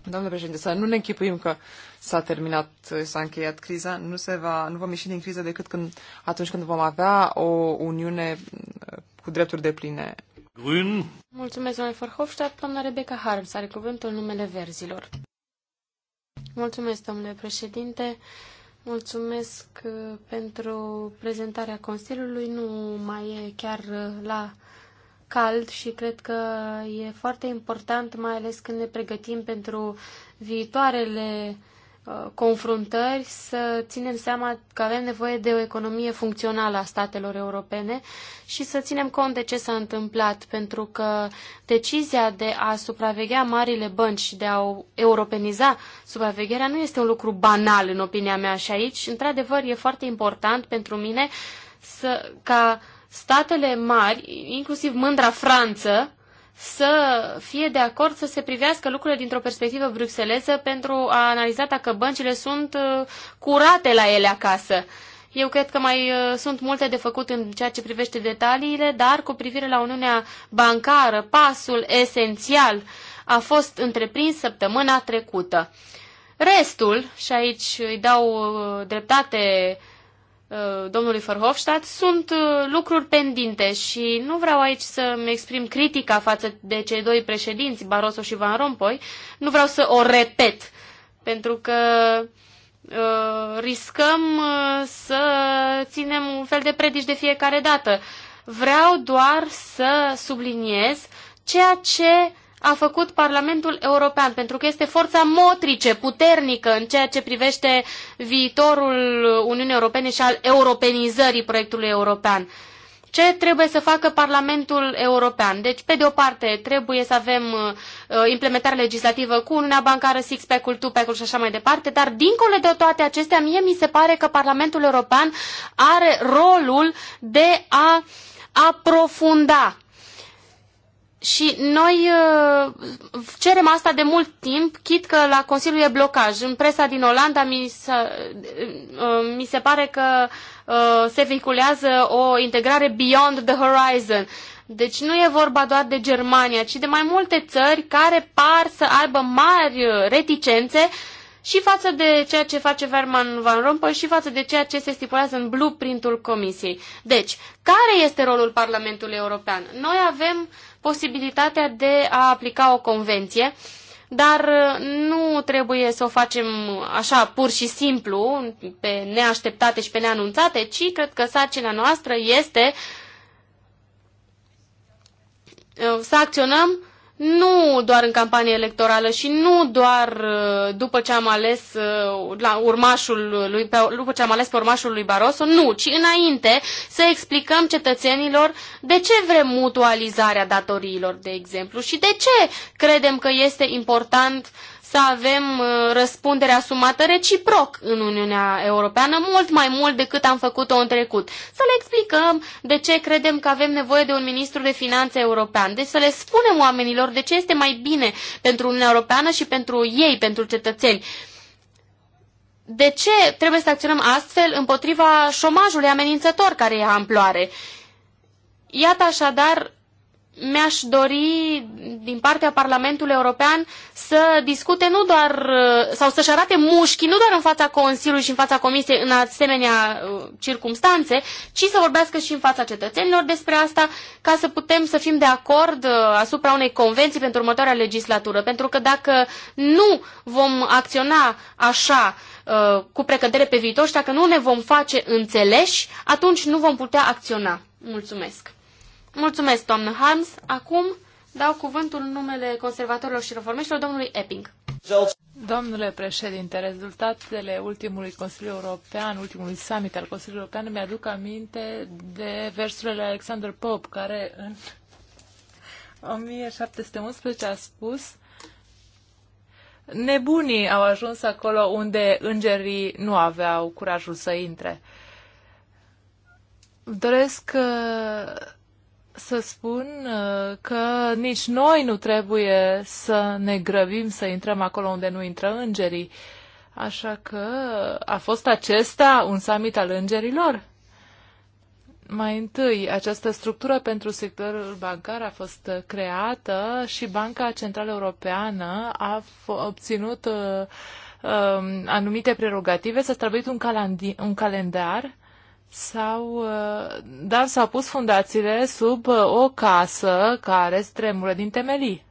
Domnule președinte, să nu ne închipuim că s-a terminat, eh, s-a încheiat criza, nu, se va, nu vom ieși din criză decât când, atunci când vom avea o uniune eh, cu drepturi de pline. Grün. Mulțumesc, domnule Forhofstadt. Doamna Rebecca Harms are cuvântul numele verzilor. Mulțumesc, domnule președinte. Mulțumesc uh, pentru prezentarea Consiliului. Nu mai e chiar uh, la cald și cred că e foarte important, mai ales când ne pregătim pentru viitoarele Uh, confruntări, să ținem seama că avem nevoie de o economie funcțională a statelor europene și să ținem cont de ce s-a întâmplat, pentru că decizia de a supraveghea marile bănci și de a europeniza supravegherea nu este un lucru banal, în opinia mea, și aici, într-adevăr, e foarte important pentru mine să, ca statele mari, inclusiv mândra Franță, să fie de acord să se privească lucrurile dintr-o perspectivă bruxeleză pentru a analiza dacă băncile sunt uh, curate la ele acasă. Eu cred că mai uh, sunt multe de făcut în ceea ce privește detaliile, dar cu privire la Uniunea Bancară, pasul esențial a fost întreprins săptămâna trecută. Restul, și aici îi dau uh, dreptate Uh, domnului Verhofstadt sunt uh, lucruri pendinte și nu vreau aici să-mi exprim critica față de cei doi președinți, Barroso și Van Rompuy, nu vreau să o repet, pentru că uh, riscăm uh, să ținem un fel de predici de fiecare dată. Vreau doar să subliniez ceea ce a făcut Parlamentul European, pentru că este forța motrice, puternică în ceea ce privește viitorul Uniunii Europene și al europenizării proiectului european. Ce trebuie să facă Parlamentul European? Deci, pe de o parte, trebuie să avem uh, implementare legislativă cu Uniunea Bancară, Six-Pack-ul, two ul și așa mai departe, dar dincolo de toate acestea, mie mi se pare că Parlamentul European are rolul de a aprofunda și noi uh, cerem asta de mult timp, chit că la Consiliul e blocaj. În presa din Olanda mi se, uh, uh, mi se pare că se vehiculează o integrare beyond the horizon. Deci nu e vorba doar de Germania, ci de mai multe țări care par să aibă mari reticențe și față de ceea ce face Verman Van Rompuy și față de ceea ce se stipulează în blueprintul Comisiei. Deci, care este rolul Parlamentului European? Noi avem uh, posibilitatea de a aplica o convenție, dar uh, nu trebuie să o facem așa pur și simplu, pe neașteptate și pe neanunțate, ci cred că sarcina noastră este uh, să acționăm nu doar în campanie electorală și nu doar uh, după ce am ales uh, la urmașul lui, pe, după ce am ales pe urmașul lui Barroso, nu, ci înainte să explicăm cetățenilor de ce vrem mutualizarea datoriilor, de exemplu, și de ce credem că este important uh, să avem uh, răspunderea asumată reciproc în Uniunea Europeană, mult mai mult decât am făcut-o în trecut. Să le explicăm de ce credem că avem nevoie de un ministru de finanțe european. Deci să le spunem oamenilor de ce este mai bine pentru Uniunea Europeană și pentru ei, pentru cetățeni. De ce trebuie să acționăm astfel împotriva șomajului amenințător care e amploare? Iată așadar mi-aș dori din partea Parlamentului European să discute nu doar, sau să-și arate mușchii, nu doar în fața Consiliului și în fața Comisiei în asemenea uh, circumstanțe, ci să vorbească și în fața cetățenilor despre asta, ca să putem să fim de acord uh, asupra unei convenții pentru următoarea legislatură. Pentru că dacă nu vom acționa așa, uh, cu precădere pe viitor și dacă nu ne vom face înțeleși, atunci nu vom putea acționa. Mulțumesc! Mulțumesc, doamnă Harms. Acum dau cuvântul în numele conservatorilor și reformiștilor domnului Epping. Domnule președinte, rezultatele ultimului Consiliu European, ultimului summit al Consiliului European, mi-aduc aminte de versurile lui Alexander Pope, care în 1711 a spus Nebunii au ajuns acolo unde îngerii nu aveau curajul să intre. Doresc uh, să spun uh, că nici noi nu trebuie să ne grăbim să intrăm acolo unde nu intră îngerii. Așa că a fost acesta un summit al îngerilor? Mai întâi, această structură pentru sectorul bancar a fost creată și Banca Centrală Europeană a obținut uh, um, anumite prerogative, s-a stabilit un, calandi- un calendar sau, uh, dar s-au pus fundațiile sub uh, o casă care stremură din temelii.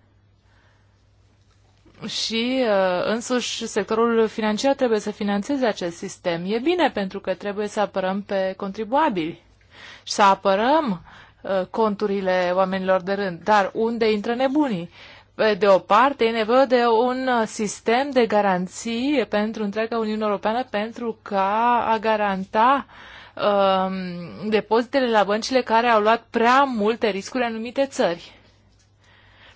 Și uh, însuși sectorul financiar trebuie să financeze acest sistem. E bine pentru că trebuie să apărăm pe contribuabili și să apărăm conturile oamenilor de rând. Dar unde intră nebunii? Pe de o parte, e nevoie de un sistem de garanții pentru întreaga Uniune Europeană pentru ca a garanta uh, Um, depozitele la băncile care au luat prea multe riscuri în anumite țări.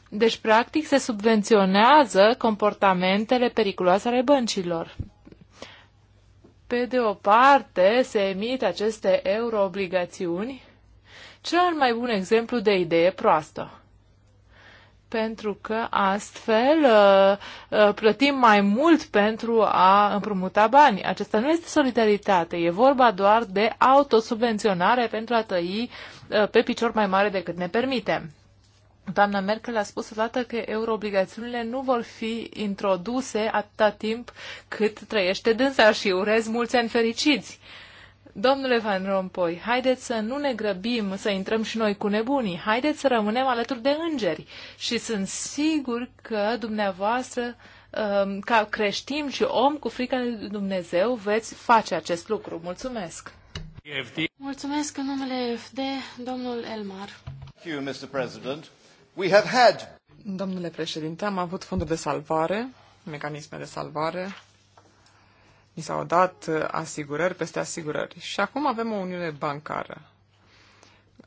Deci, practic, se subvenționează comportamentele periculoase ale băncilor. Pe de o parte, se emit aceste euroobligațiuni, cel mai bun exemplu de idee proastă pentru că astfel uh, uh, plătim mai mult pentru a împrumuta bani. Acesta nu este solidaritate, e vorba doar de autosubvenționare pentru a tăi uh, pe picior mai mare decât ne permitem. Doamna Merkel a spus odată că euroobligațiunile nu vor fi introduse atâta timp cât trăiește dânsa și urez mulți ani fericiți. Uh, Domnule Van Rompuy, haideți să nu ne grăbim să intrăm și noi cu nebunii, haideți să rămânem alături de îngeri și sunt sigur că dumneavoastră, um, ca creștin și om cu frica de Dumnezeu, veți face acest lucru. Mulțumesc! Mulțumesc în numele FD, domnul Elmar. Domnule președinte, am avut fonduri de salvare, mecanisme de salvare, ni s-au dat uh, asigurări peste asigurări. Și acum avem o uniune bancară.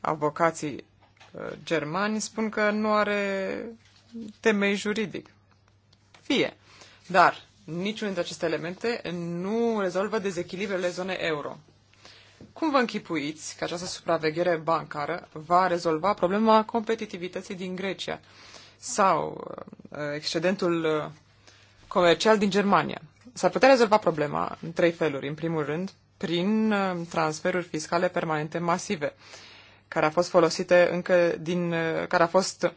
Avocații uh, germani spun că nu are temei juridic. Fie. Dar niciunul dintre aceste elemente nu rezolvă dezechilibrele zone euro. Cum vă închipuiți că această supraveghere bancară va rezolva problema competitivității din Grecia sau uh, excedentul comercial din Germania. S-ar putea rezolva problema în trei feluri. În primul rând, prin uh, transferuri fiscale permanente masive, care a fost folosite încă din, uh, care a fost uh,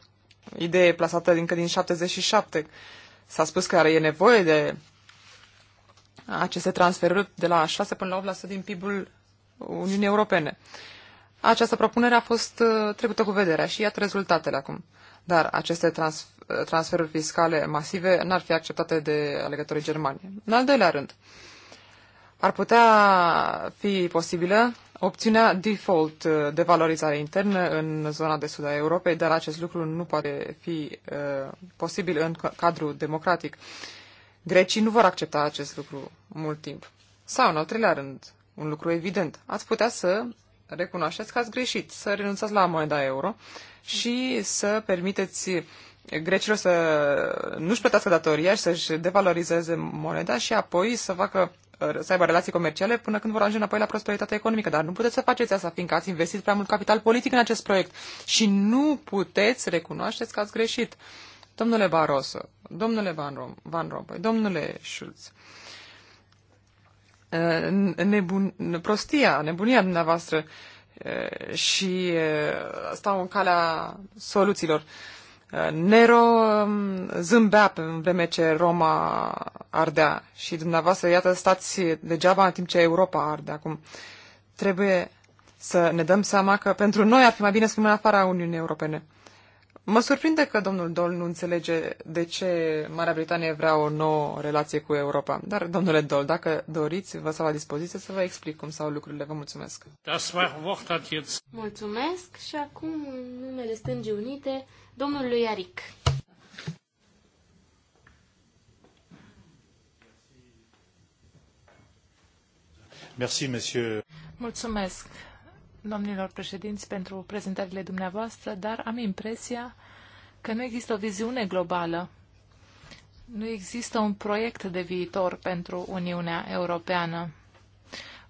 idee plasată încă din 77. S-a spus că e nevoie de aceste transferuri de la 6 până la 8% din PIB-ul Uniunii Europene. Această propunere a fost trecută cu vederea și iată rezultatele acum. Dar aceste trans- transferuri fiscale masive n-ar fi acceptate de alegătorii germani. În al doilea rând, ar putea fi posibilă opțiunea default uh, de valorizare internă în zona de sud a Europei, dar acest lucru nu poate fi uh, posibil în cadrul democratic. Grecii nu vor accepta acest lucru mult timp. Sau, în al treilea rând, un lucru evident, ați putea să recunoașteți că ați greșit, să renunțați la moneda euro și să permiteți grecilor să nu-și plătească datoria și să-și devalorizeze moneda și apoi să facă să aibă relații comerciale până când vor ajunge înapoi la prosperitatea economică. Dar nu puteți să faceți asta, fiindcă ați investit prea mult capital politic în acest proiect și nu puteți recunoașteți că ați greșit. Domnule Barroso, domnule Van, Rom- Van Rompuy, domnule Schulz, uh, nebun, prostia, nebunia dumneavoastră și stau în calea soluțiilor. Nero zâmbea pe vreme ce Roma ardea și dumneavoastră, iată, stați degeaba în timp ce Europa arde acum. Trebuie să ne dăm seama că pentru noi ar fi mai bine să fim în afara Uniunii Europene. Mă surprinde că domnul Dol nu înțelege de ce Marea Britanie vrea o nouă relație cu Europa. Dar, domnule Dol, dacă doriți, vă stau la dispoziție să vă explic cum stau lucrurile. Vă mulțumesc. Mulțumesc și acum, în numele Stângii Unite, domnul lui Merci, monsieur. Mulțumesc, domnilor președinți, pentru prezentările dumneavoastră, dar am impresia că nu există o viziune globală. Nu există un proiect de viitor pentru Uniunea Europeană.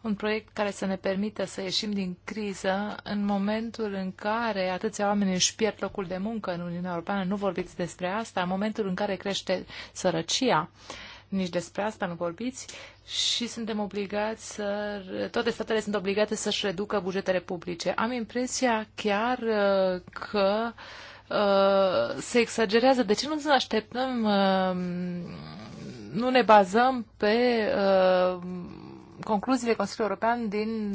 Un proiect care să ne permită să ieșim din criză în momentul în care atâția oameni își pierd locul de muncă în Uniunea Europeană, nu vorbiți despre asta, în momentul în care crește sărăcia, uh, nici despre asta nu vorbiți, și suntem obligați să... Toate statele sunt obligate să-și reducă bugetele publice. Am impresia chiar uh, că uh, se exagerează. De ce nu ne așteptăm, uh, nu ne bazăm pe concluziile Consiliului European din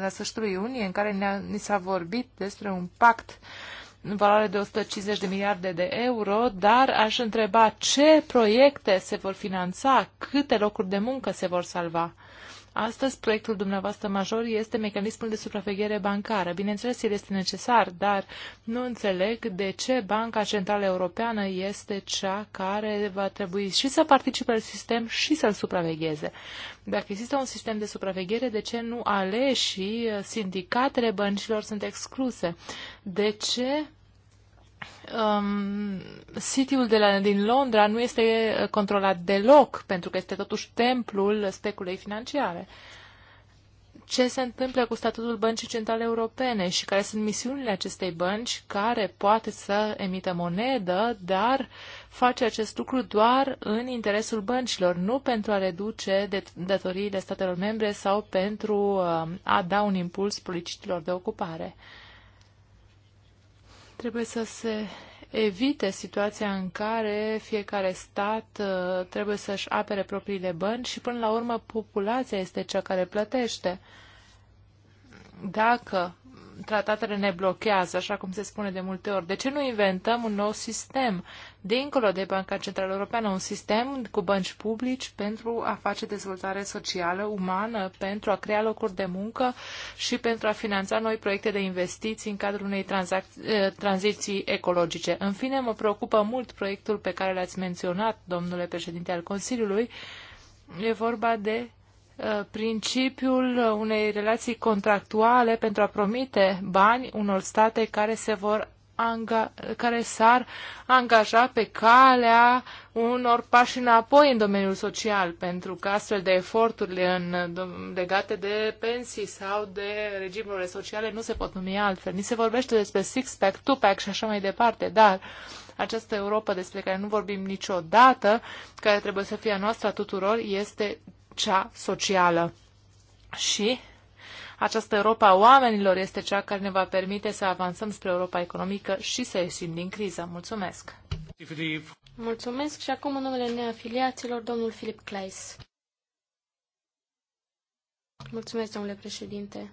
la sfârșitul iunie, în care ne ni s-a vorbit despre un pact uh, în valoare de 150 de miliarde de euro, dar aș întreba ce proiecte se vor finanța, câte locuri de muncă se vor salva. Astăzi, proiectul dumneavoastră major este mecanismul de supraveghere bancară. Bineînțeles, el este necesar, dar nu înțeleg de ce Banca Centrală Europeană este cea care va trebui și să participe la sistem și să-l supravegheze. Dacă există un sistem de supraveghere, de ce nu aleșii sindicatele băncilor sunt excluse? De ce um, City-ul de la, din Londra nu este uh, controlat deloc, pentru că este totuși templul speculei financiare. Ce se întâmplă cu statutul Băncii Centrale Europene și care sunt misiunile acestei bănci care poate să emită monedă, dar face acest lucru doar în interesul băncilor, nu pentru a reduce datoriile statelor membre sau pentru um, a da un impuls politicilor de ocupare. Trebuie să se evite situația în care fiecare stat uh, trebuie să-și apere propriile bănci și până la urmă populația este cea care plătește. Dacă tratatele ne blochează, așa cum se spune de multe ori. De ce nu inventăm un nou sistem, dincolo de Banca Centrală Europeană, un sistem cu bănci publici pentru a face dezvoltare socială, umană, pentru a crea locuri de muncă și pentru a finanța noi proiecte de investiții în cadrul unei eh, tranziții ecologice. În fine, mă preocupă mult proiectul pe care l-ați menționat, domnule președinte al Consiliului. E vorba de Uh, principiul unei relații contractuale pentru a promite bani unor state care se vor anga- care s-ar angaja pe calea unor pași înapoi în domeniul social, pentru că astfel de eforturi în, legate de pensii sau de regimurile sociale nu se pot numi altfel. Ni se vorbește despre six-pack, two-pack și așa mai departe, dar această Europa despre care nu vorbim niciodată, care trebuie să fie a noastră a tuturor, este cea socială. Și această Europa a oamenilor este cea care ne va permite să avansăm spre Europa economică și să ieșim din criză. Mulțumesc! Mulțumesc și acum în numele neafiliaților, domnul Filip Kleis. Mulțumesc, domnule președinte.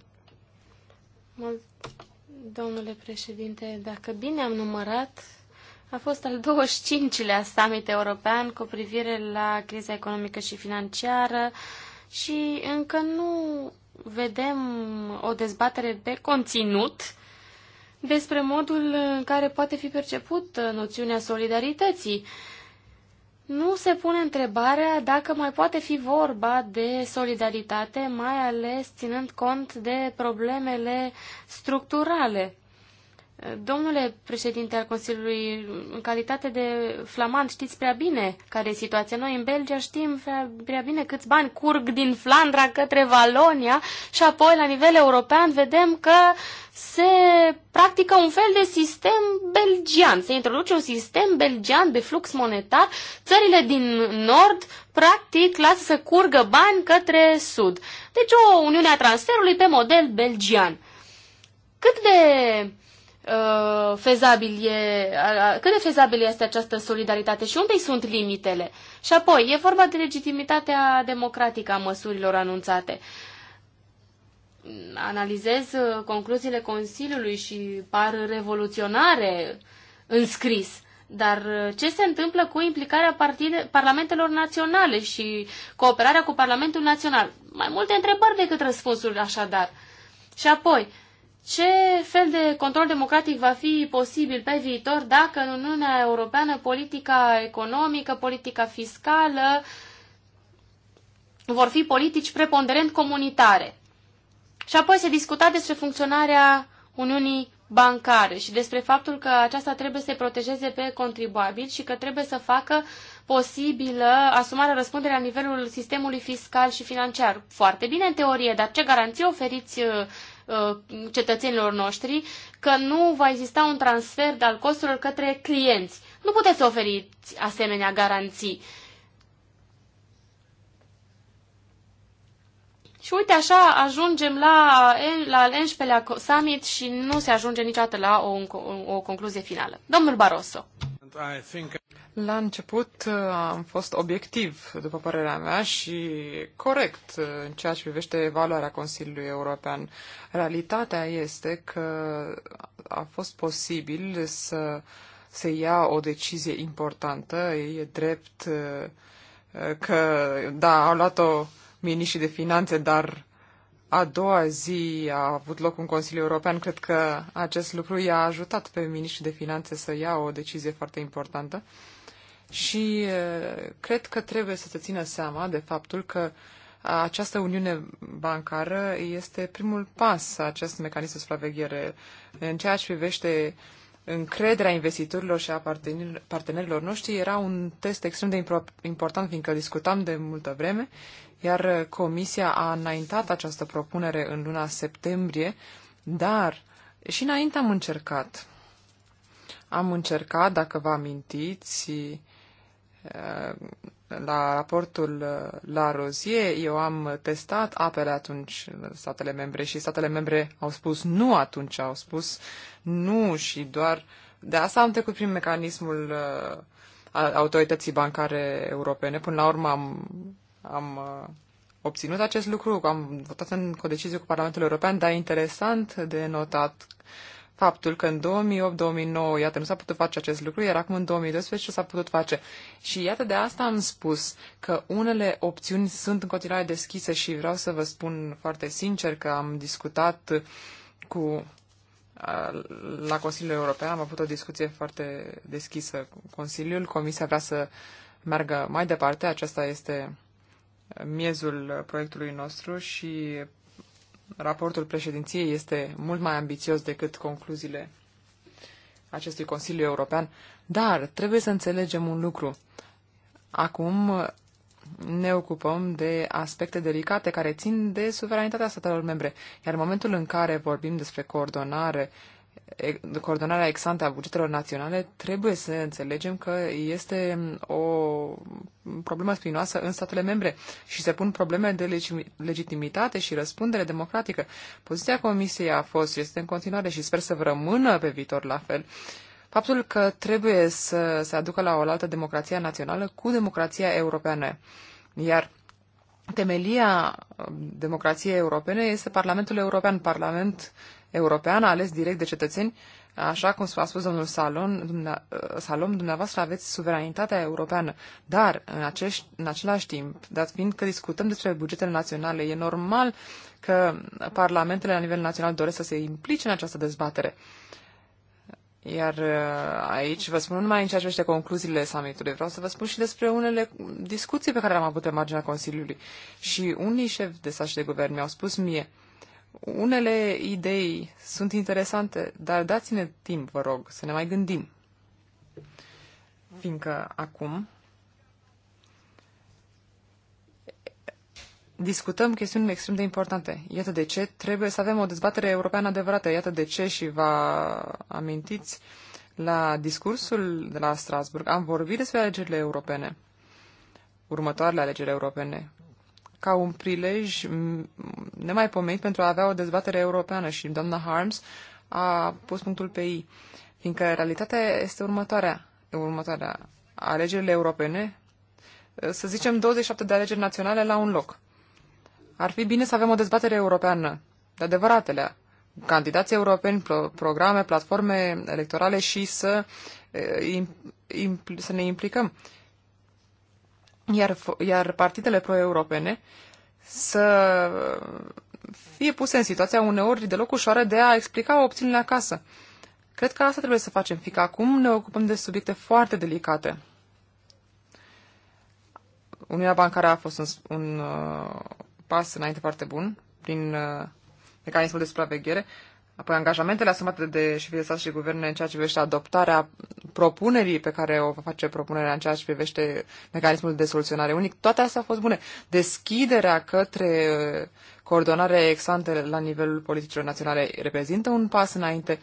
Mul... Domnule președinte, dacă bine am numărat, a fost al 25-lea summit european cu privire la criza economică și financiară și încă nu vedem o dezbatere de conținut despre modul în care poate fi perceput noțiunea solidarității. Nu se pune întrebarea dacă mai poate fi vorba de solidaritate, mai ales ținând cont de problemele structurale Domnule președinte al Consiliului, în calitate de flamand, știți prea bine care e situația. Noi în Belgia știm prea, prea bine câți bani curg din Flandra către Valonia și apoi la nivel european vedem că se practică un fel de sistem belgian. Se introduce un sistem belgian de flux monetar. Țările din nord practic lasă să curgă bani către sud. Deci o uniune a transferului pe model belgian. Cât de Uh, fezabil e, cât de fezabil este această solidaritate și unde sunt limitele. Și apoi, e vorba de legitimitatea democratică a măsurilor anunțate. Analizez uh, concluziile Consiliului și par revoluționare în scris. Dar uh, ce se întâmplă cu implicarea partide, parlamentelor naționale și cooperarea cu Parlamentul Național? Mai multe întrebări decât răspunsuri, așadar. Și apoi, ce fel de control democratic va fi posibil pe viitor dacă în Uniunea Europeană politica economică, politica fiscală vor fi politici preponderent comunitare. Și apoi se discuta despre funcționarea Uniunii bancare și despre faptul că aceasta trebuie să protejeze pe contribuabil și că trebuie să facă posibilă asumarea răspunderii la nivelul sistemului fiscal și financiar. Foarte bine în teorie, dar ce garanții oferiți uh, Uh, cetățenilor noștri că nu va exista un transfer al costurilor către clienți. Nu puteți oferiți asemenea garanții. Și uite așa ajungem la, la al 11-lea summit și nu se ajunge niciodată la o, o, o concluzie finală. Domnul Barroso. La început uh, am fost obiectiv, după părerea mea, și corect uh, în ceea ce privește evaluarea Consiliului European. Realitatea este că a fost posibil să se ia o decizie importantă. E drept uh, că, da, au luat-o miniștrii de finanțe, dar a doua zi a avut loc un Consiliu European. Cred că acest lucru i-a ajutat pe miniștrii de finanțe să ia o decizie foarte importantă și uh, cred că trebuie să se țină seama de faptul că această uniune bancară este primul pas, acest mecanism de supraveghere în ceea ce privește încrederea investitorilor și a partenerilor noștri era un test extrem de important, fiindcă discutam de multă vreme, iar Comisia a înaintat această propunere în luna septembrie, dar și înainte am încercat. Am încercat, dacă vă amintiți, Eh, la raportul eh, la Rozie, eu am testat apele atunci statele membre și statele membre au spus nu atunci, au spus nu și doar de asta am trecut prin mecanismul eh, autorității bancare europene. Până la urmă am, am obținut acest lucru, am votat în codecizie cu Parlamentul European, dar interesant de notat faptul că în 2008-2009, iată, nu s-a putut face acest lucru, iar acum în 2012 s-a putut face. Și iată, de asta am spus că unele opțiuni sunt în continuare deschise și vreau să vă spun foarte sincer că am discutat cu la Consiliul European am avut o discuție foarte deschisă cu Consiliul. Comisia vrea să meargă mai departe. Aceasta este miezul proiectului nostru și raportul președinției este mult mai ambițios decât concluziile acestui Consiliu European, dar trebuie să înțelegem un lucru. Acum ne ocupăm de aspecte delicate care țin de suveranitatea statelor membre, iar în momentul în care vorbim despre coordonare coordonarea exante a bugetelor naționale, trebuie să înțelegem că este o problemă spinoasă în statele membre și se pun probleme de legitimitate și răspundere democratică. Poziția Comisiei a fost și este în continuare și sper să vă rămână pe viitor la fel. Faptul că trebuie să se aducă la oaltă democrația națională cu democrația europeană. Iar temelia um, democrației europene este Parlamentul European, Parlament europeană ales direct de cetățeni, așa cum a spus domnul Salon, dumne, uh, Salom, dumneavoastră aveți suveranitatea europeană, dar în, acești, în același timp, dat fiind că discutăm despre bugetele naționale, e normal că parlamentele la nivel național doresc să se implice în această dezbatere. Iar uh, aici vă spun numai în ceea ce privește concluziile summitului. Vreau să vă spun și despre unele discuții pe care le-am avut pe marginea Consiliului. Și unii șefi de stat și de guvern mi-au spus mie, uh, unele idei sunt interesante, dar dați-ne timp, vă rog, să ne mai gândim. Fiindcă acum discutăm chestiuni extrem de importante. Iată de ce trebuie să avem o dezbatere europeană adevărată. Iată de ce și vă amintiți la discursul de la Strasburg am vorbit despre alegerile europene, următoarele alegeri europene, ca un prilej nemaipomenit pentru a avea o dezbatere europeană și doamna Harms a pus punctul pe ei, fiindcă realitatea este următoarea. următoarea. Alegerile europene, să zicem 27 de alegeri naționale la un loc. Ar fi bine să avem o dezbatere europeană, de adevăratele, candidați europeni, pro- programe, platforme electorale și să, să ne implicăm iar, iar partidele pro-europene să fie puse în situația uneori deloc ușoară de a explica opțiunile acasă. Cred că asta trebuie să facem, fiindcă acum ne ocupăm de subiecte foarte delicate. Uniunea bancară a fost un, un uh, pas înainte foarte bun prin uh, mecanismul de supraveghere, Apoi angajamentele asumate de șefii de stat și guverne în ceea ce privește adoptarea propunerii pe care o va face propunerea în ceea ce privește mecanismul de soluționare unic, toate astea au fost bune. Deschiderea către uh, coordonarea exante la nivelul politicilor naționale reprezintă un pas înainte.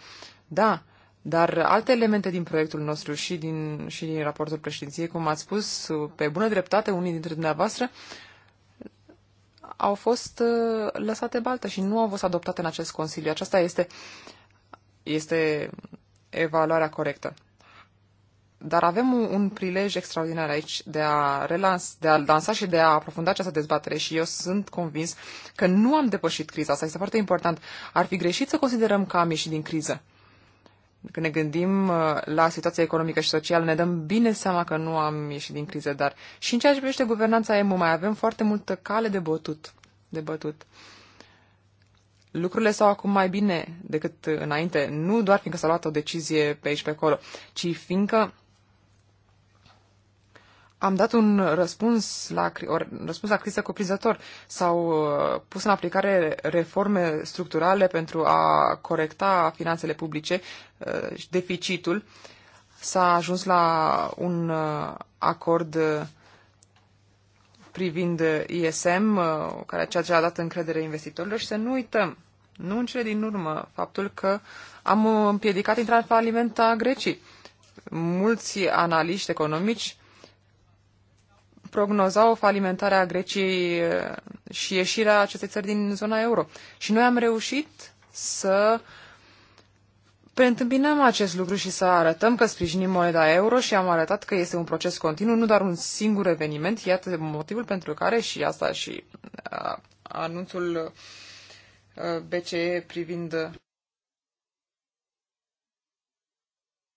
Da, dar alte elemente din proiectul nostru și din, și din raportul președinției, cum ați spus pe bună dreptate unii dintre dumneavoastră, uh, au fost uh, lăsate baltă și nu au fost adoptate în acest Consiliu. Aceasta este, este evaluarea corectă. Dar avem un, un prilej extraordinar aici de a, relans, de a lansa și de a aprofunda această dezbatere și eu sunt convins că nu am depășit criza. Asta este foarte important. Ar fi greșit să considerăm că am ieșit din criză. Când ne gândim uh, la situația economică și socială, ne dăm bine seama că nu am ieșit din criză, dar și în ceea ce privește guvernanța EMU mai avem foarte multă cale de bătut. De bătut. Lucrurile s-au acum mai bine decât înainte, nu doar fiindcă s-a luat o decizie pe aici pe acolo, ci fiindcă am dat un răspuns la, o, răspuns la criză cuprinzător. S-au uh, pus în aplicare reforme structurale pentru a corecta finanțele publice uh, și deficitul. S-a ajuns la un uh, acord privind ISM, care ceea ce a dat încredere investitorilor și să nu uităm, nu în cele din urmă, faptul că am împiedicat intrarea în faliment a Greciei. Mulți analiști economici prognozau falimentare a Greciei eh, și ieșirea acestei țări din zona euro. Și noi am reușit să preîntâmpinăm acest lucru și să arătăm că sprijinim moneda euro și am arătat că este un proces continuu, nu doar un singur eveniment. Iată motivul pentru care și asta și uh, anunțul uh, eh, BCE privind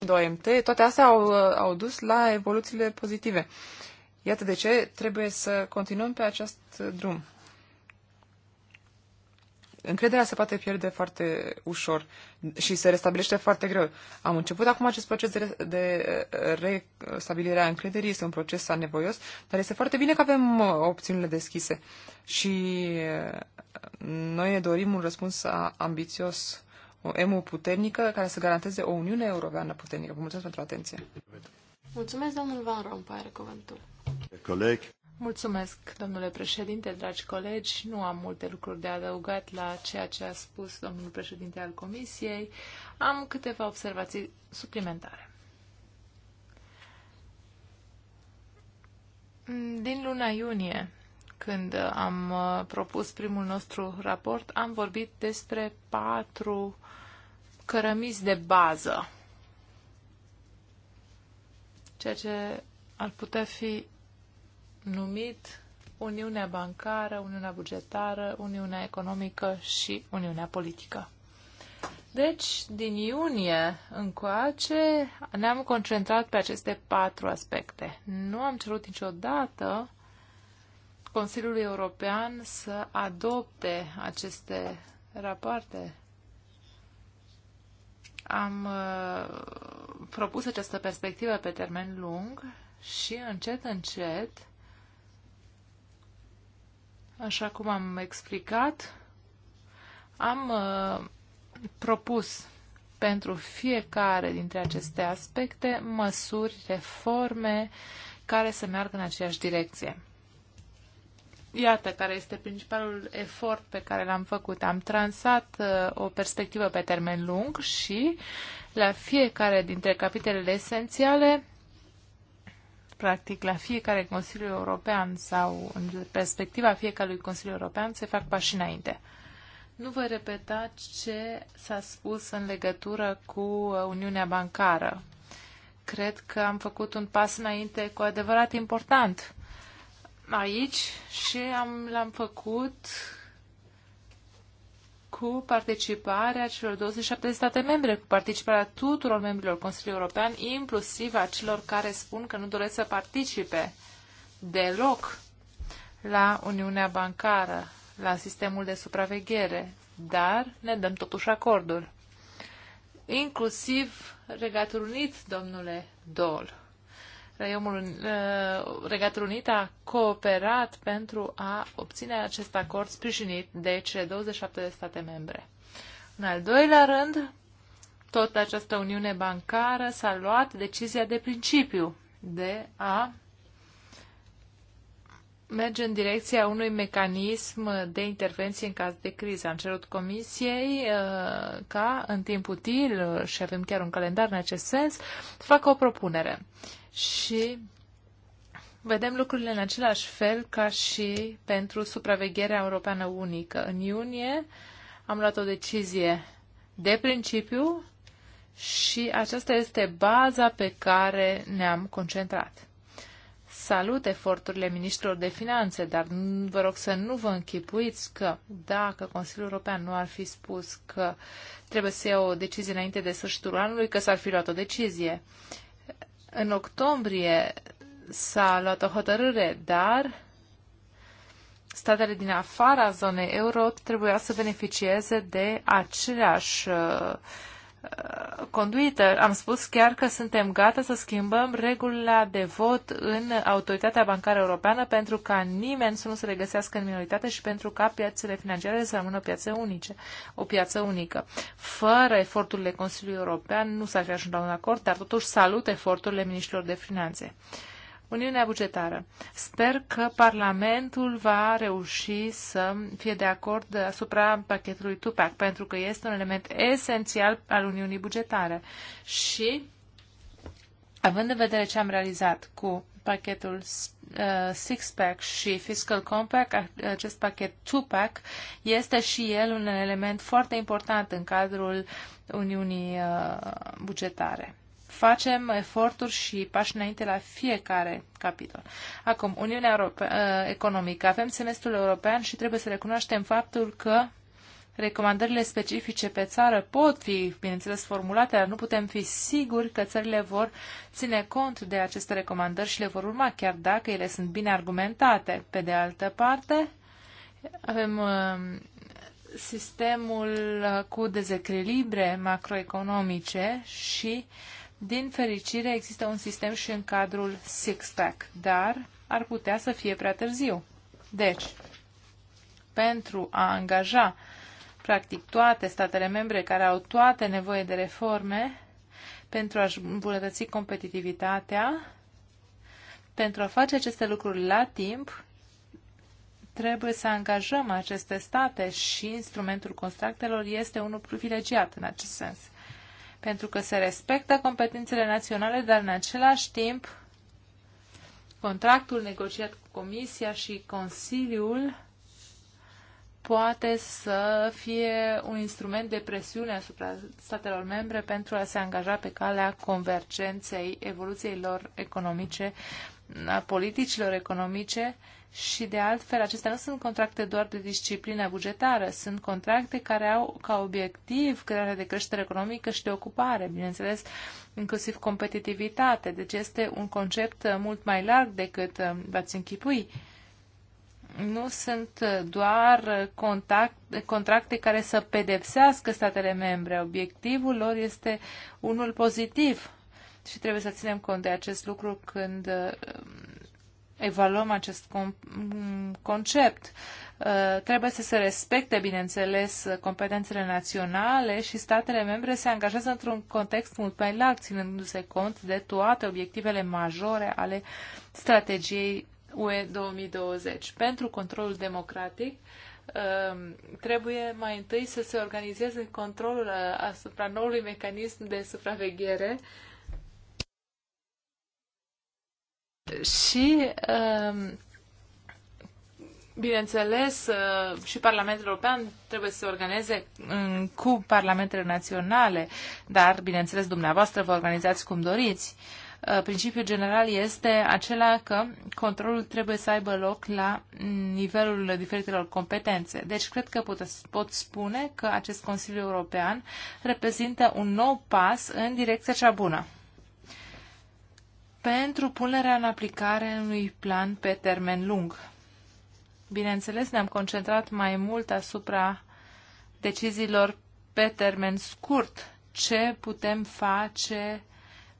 OMT, toate astea au, au dus la evoluțiile pozitive. Uh, Iată de ce trebuie să continuăm pe acest drum. Încrederea se poate pierde foarte ușor și se restabilește foarte greu. Am început acum acest proces de, de uh, restabilire a încrederii, este un proces anevoios, dar este foarte bine că avem uh, opțiunile deschise și uh, noi ne dorim un răspuns ambițios, o EMU puternică care să garanteze o Uniune Europeană puternică. Vă mulțumesc pentru atenție! Mulțumesc, domnul Van Rompuy, are cuvântul. Coleg. Mulțumesc, domnule președinte, dragi colegi. Nu am multe lucruri de adăugat la ceea ce a spus domnul președinte al Comisiei. Am câteva observații suplimentare. Din luna iunie, când am uh, propus primul nostru raport, am vorbit despre patru cărămizi de bază ceea ce ar putea fi numit Uniunea Bancară, Uniunea Bugetară, Uniunea Economică și Uniunea Politică. Deci, din iunie încoace, ne-am concentrat pe aceste patru aspecte. Nu am cerut niciodată Consiliului European să adopte aceste rapoarte. Am uh, propus această perspectivă pe termen lung și încet, încet, așa cum am explicat, am uh, propus pentru fiecare dintre aceste aspecte măsuri, reforme care să meargă în aceeași direcție. Iată care este principalul efort pe care l-am făcut. Am transat uh, o perspectivă pe termen lung și la fiecare dintre capitolele esențiale practic la fiecare Consiliu European sau în perspectiva fiecărui Consiliu European se fac pași înainte. Nu voi repeta ce s-a spus în legătură cu uh, Uniunea Bancară. Cred că am făcut un pas înainte cu adevărat important aici și am, l-am făcut cu participarea celor 27 de state membre, cu participarea tuturor membrilor Consiliului European, inclusiv a celor care spun că nu doresc să participe deloc la Uniunea Bancară, la sistemul de supraveghere, dar ne dăm totuși acordul. Inclusiv Regatul Unit, domnule Dol. Raiomul, uh, Regatul Unit a cooperat pentru a obține acest acord sprijinit de cele 27 de state membre. În al doilea rând, tot această uniune bancară s-a luat decizia de principiu de a merge în direcția unui mecanism de intervenție în caz de criză. Am cerut comisiei uh, ca în timp util, uh, și avem chiar un calendar în acest sens, să facă o propunere. Și vedem lucrurile în același fel ca și pentru supravegherea europeană unică. În iunie am luat o decizie de principiu și aceasta este baza pe care ne-am concentrat salut eforturile ministrilor de finanțe, dar vă rog să nu vă închipuiți că dacă Consiliul European nu ar fi spus că trebuie să ia o decizie înainte de sfârșitul anului, că s-ar fi luat o decizie. În octombrie s-a luat o hotărâre, dar statele din afara zonei euro trebuia să beneficieze de aceleași uh, Uh, conduită. Am spus chiar că suntem gata să schimbăm regulile de vot în Autoritatea Bancară Europeană pentru ca nimeni să nu se regăsească în minoritate și pentru ca piațele financiare să rămână piațe unice, o piață unică. Fără eforturile Consiliului European nu s-ar fi ajuns la un acord, dar totuși salut eforturile ministrilor de finanțe. Uh, Uniunea bugetară. Sper că Parlamentul va reuși să fie de acord asupra pachetului TUPAC, pentru că este un element esențial al Uniunii bugetare. Și, având în vedere ce am realizat cu pachetul uh, Six-Pack și Fiscal Compact, acest pachet TUPAC pack este și el un element foarte important în cadrul Uniunii uh, bugetare facem eforturi și pași înainte la fiecare capitol. Acum, Uniunea Europe- uh, Economică. Avem semestrul european și trebuie să recunoaștem faptul că recomandările specifice pe țară pot fi, bineînțeles, formulate, dar nu putem fi siguri că țările vor ține cont de aceste recomandări și le vor urma, chiar dacă ele sunt bine argumentate. Pe de altă parte, avem uh, sistemul uh, cu dezechilibre macroeconomice și din fericire, există un sistem și în cadrul six-pack, dar ar putea să fie prea târziu. Deci, pentru a angaja practic toate statele membre care au toate nevoie de reforme pentru a-și îmbunătăți competitivitatea, pentru a face aceste lucruri la timp, trebuie să angajăm aceste state și instrumentul contractelor este unul privilegiat în acest sens pentru că se respectă competențele naționale, dar în același timp contractul negociat cu Comisia și Consiliul poate să fie un instrument de presiune asupra statelor membre pentru a se angaja pe calea convergenței evoluției lor economice, a politicilor economice și de altfel, acestea nu sunt contracte doar de disciplină bugetară, sunt contracte care au ca obiectiv crearea de creștere economică și de ocupare, bineînțeles, inclusiv competitivitate. Deci este un concept uh, mult mai larg decât uh, v-ați închipui. Nu sunt uh, doar contact, contracte care să pedepsească statele membre. Obiectivul lor este unul pozitiv și trebuie să ținem cont de acest lucru când evaluăm acest concept. Uh, trebuie să se respecte, bineînțeles, competențele naționale și statele membre se angajează într-un context mult mai larg, ținându-se cont de toate obiectivele majore ale strategiei UE 2020. Pentru controlul democratic, uh, trebuie mai întâi să se organizeze controlul uh, asupra noului mecanism de supraveghere uh, Și ehm, Bineînțeles, eh, și Parlamentul European trebuie să se organizeze cu parlamentele naționale, dar, bineînțeles, dumneavoastră vă organizați cum doriți. Eh, principiul general este acela că controlul trebuie să aibă loc la nivelul diferitelor competențe. Deci, cred că pot, pot spune că acest Consiliu European reprezintă un nou pas în direcția cea bună pentru punerea în aplicare unui plan pe termen lung. Bineînțeles, ne-am concentrat mai mult asupra deciziilor pe termen scurt, ce putem face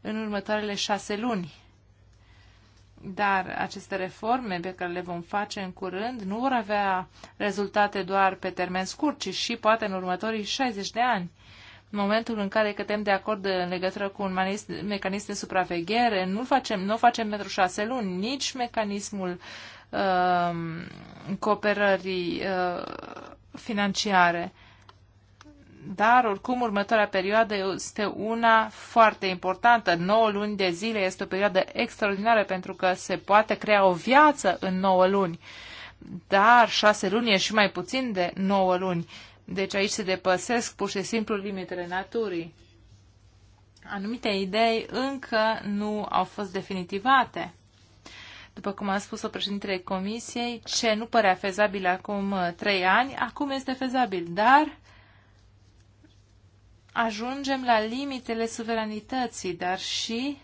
în următoarele șase luni. Dar aceste reforme pe care le vom face în curând nu vor avea rezultate doar pe termen scurt, ci și poate în următorii 60 de ani în momentul în care cădem de acord în legătură cu un mecanism de supraveghere, nu facem, nu facem pentru șase luni, nici mecanismul uh, cooperării uh, financiare. Dar, oricum, următoarea perioadă este una foarte importantă. 9 luni de zile este o perioadă extraordinară pentru că se poate crea o viață în 9 luni. Dar 6 luni e și mai puțin de 9 luni. Uh, deci aici se depăsesc pur și simplu limitele naturii. Anumite idei încă nu au fost definitivate. După cum a spus-o președintele Comisiei, ce nu părea fezabil acum uh, trei ani, acum este fezabil, dar ajungem la limitele suveranității, dar și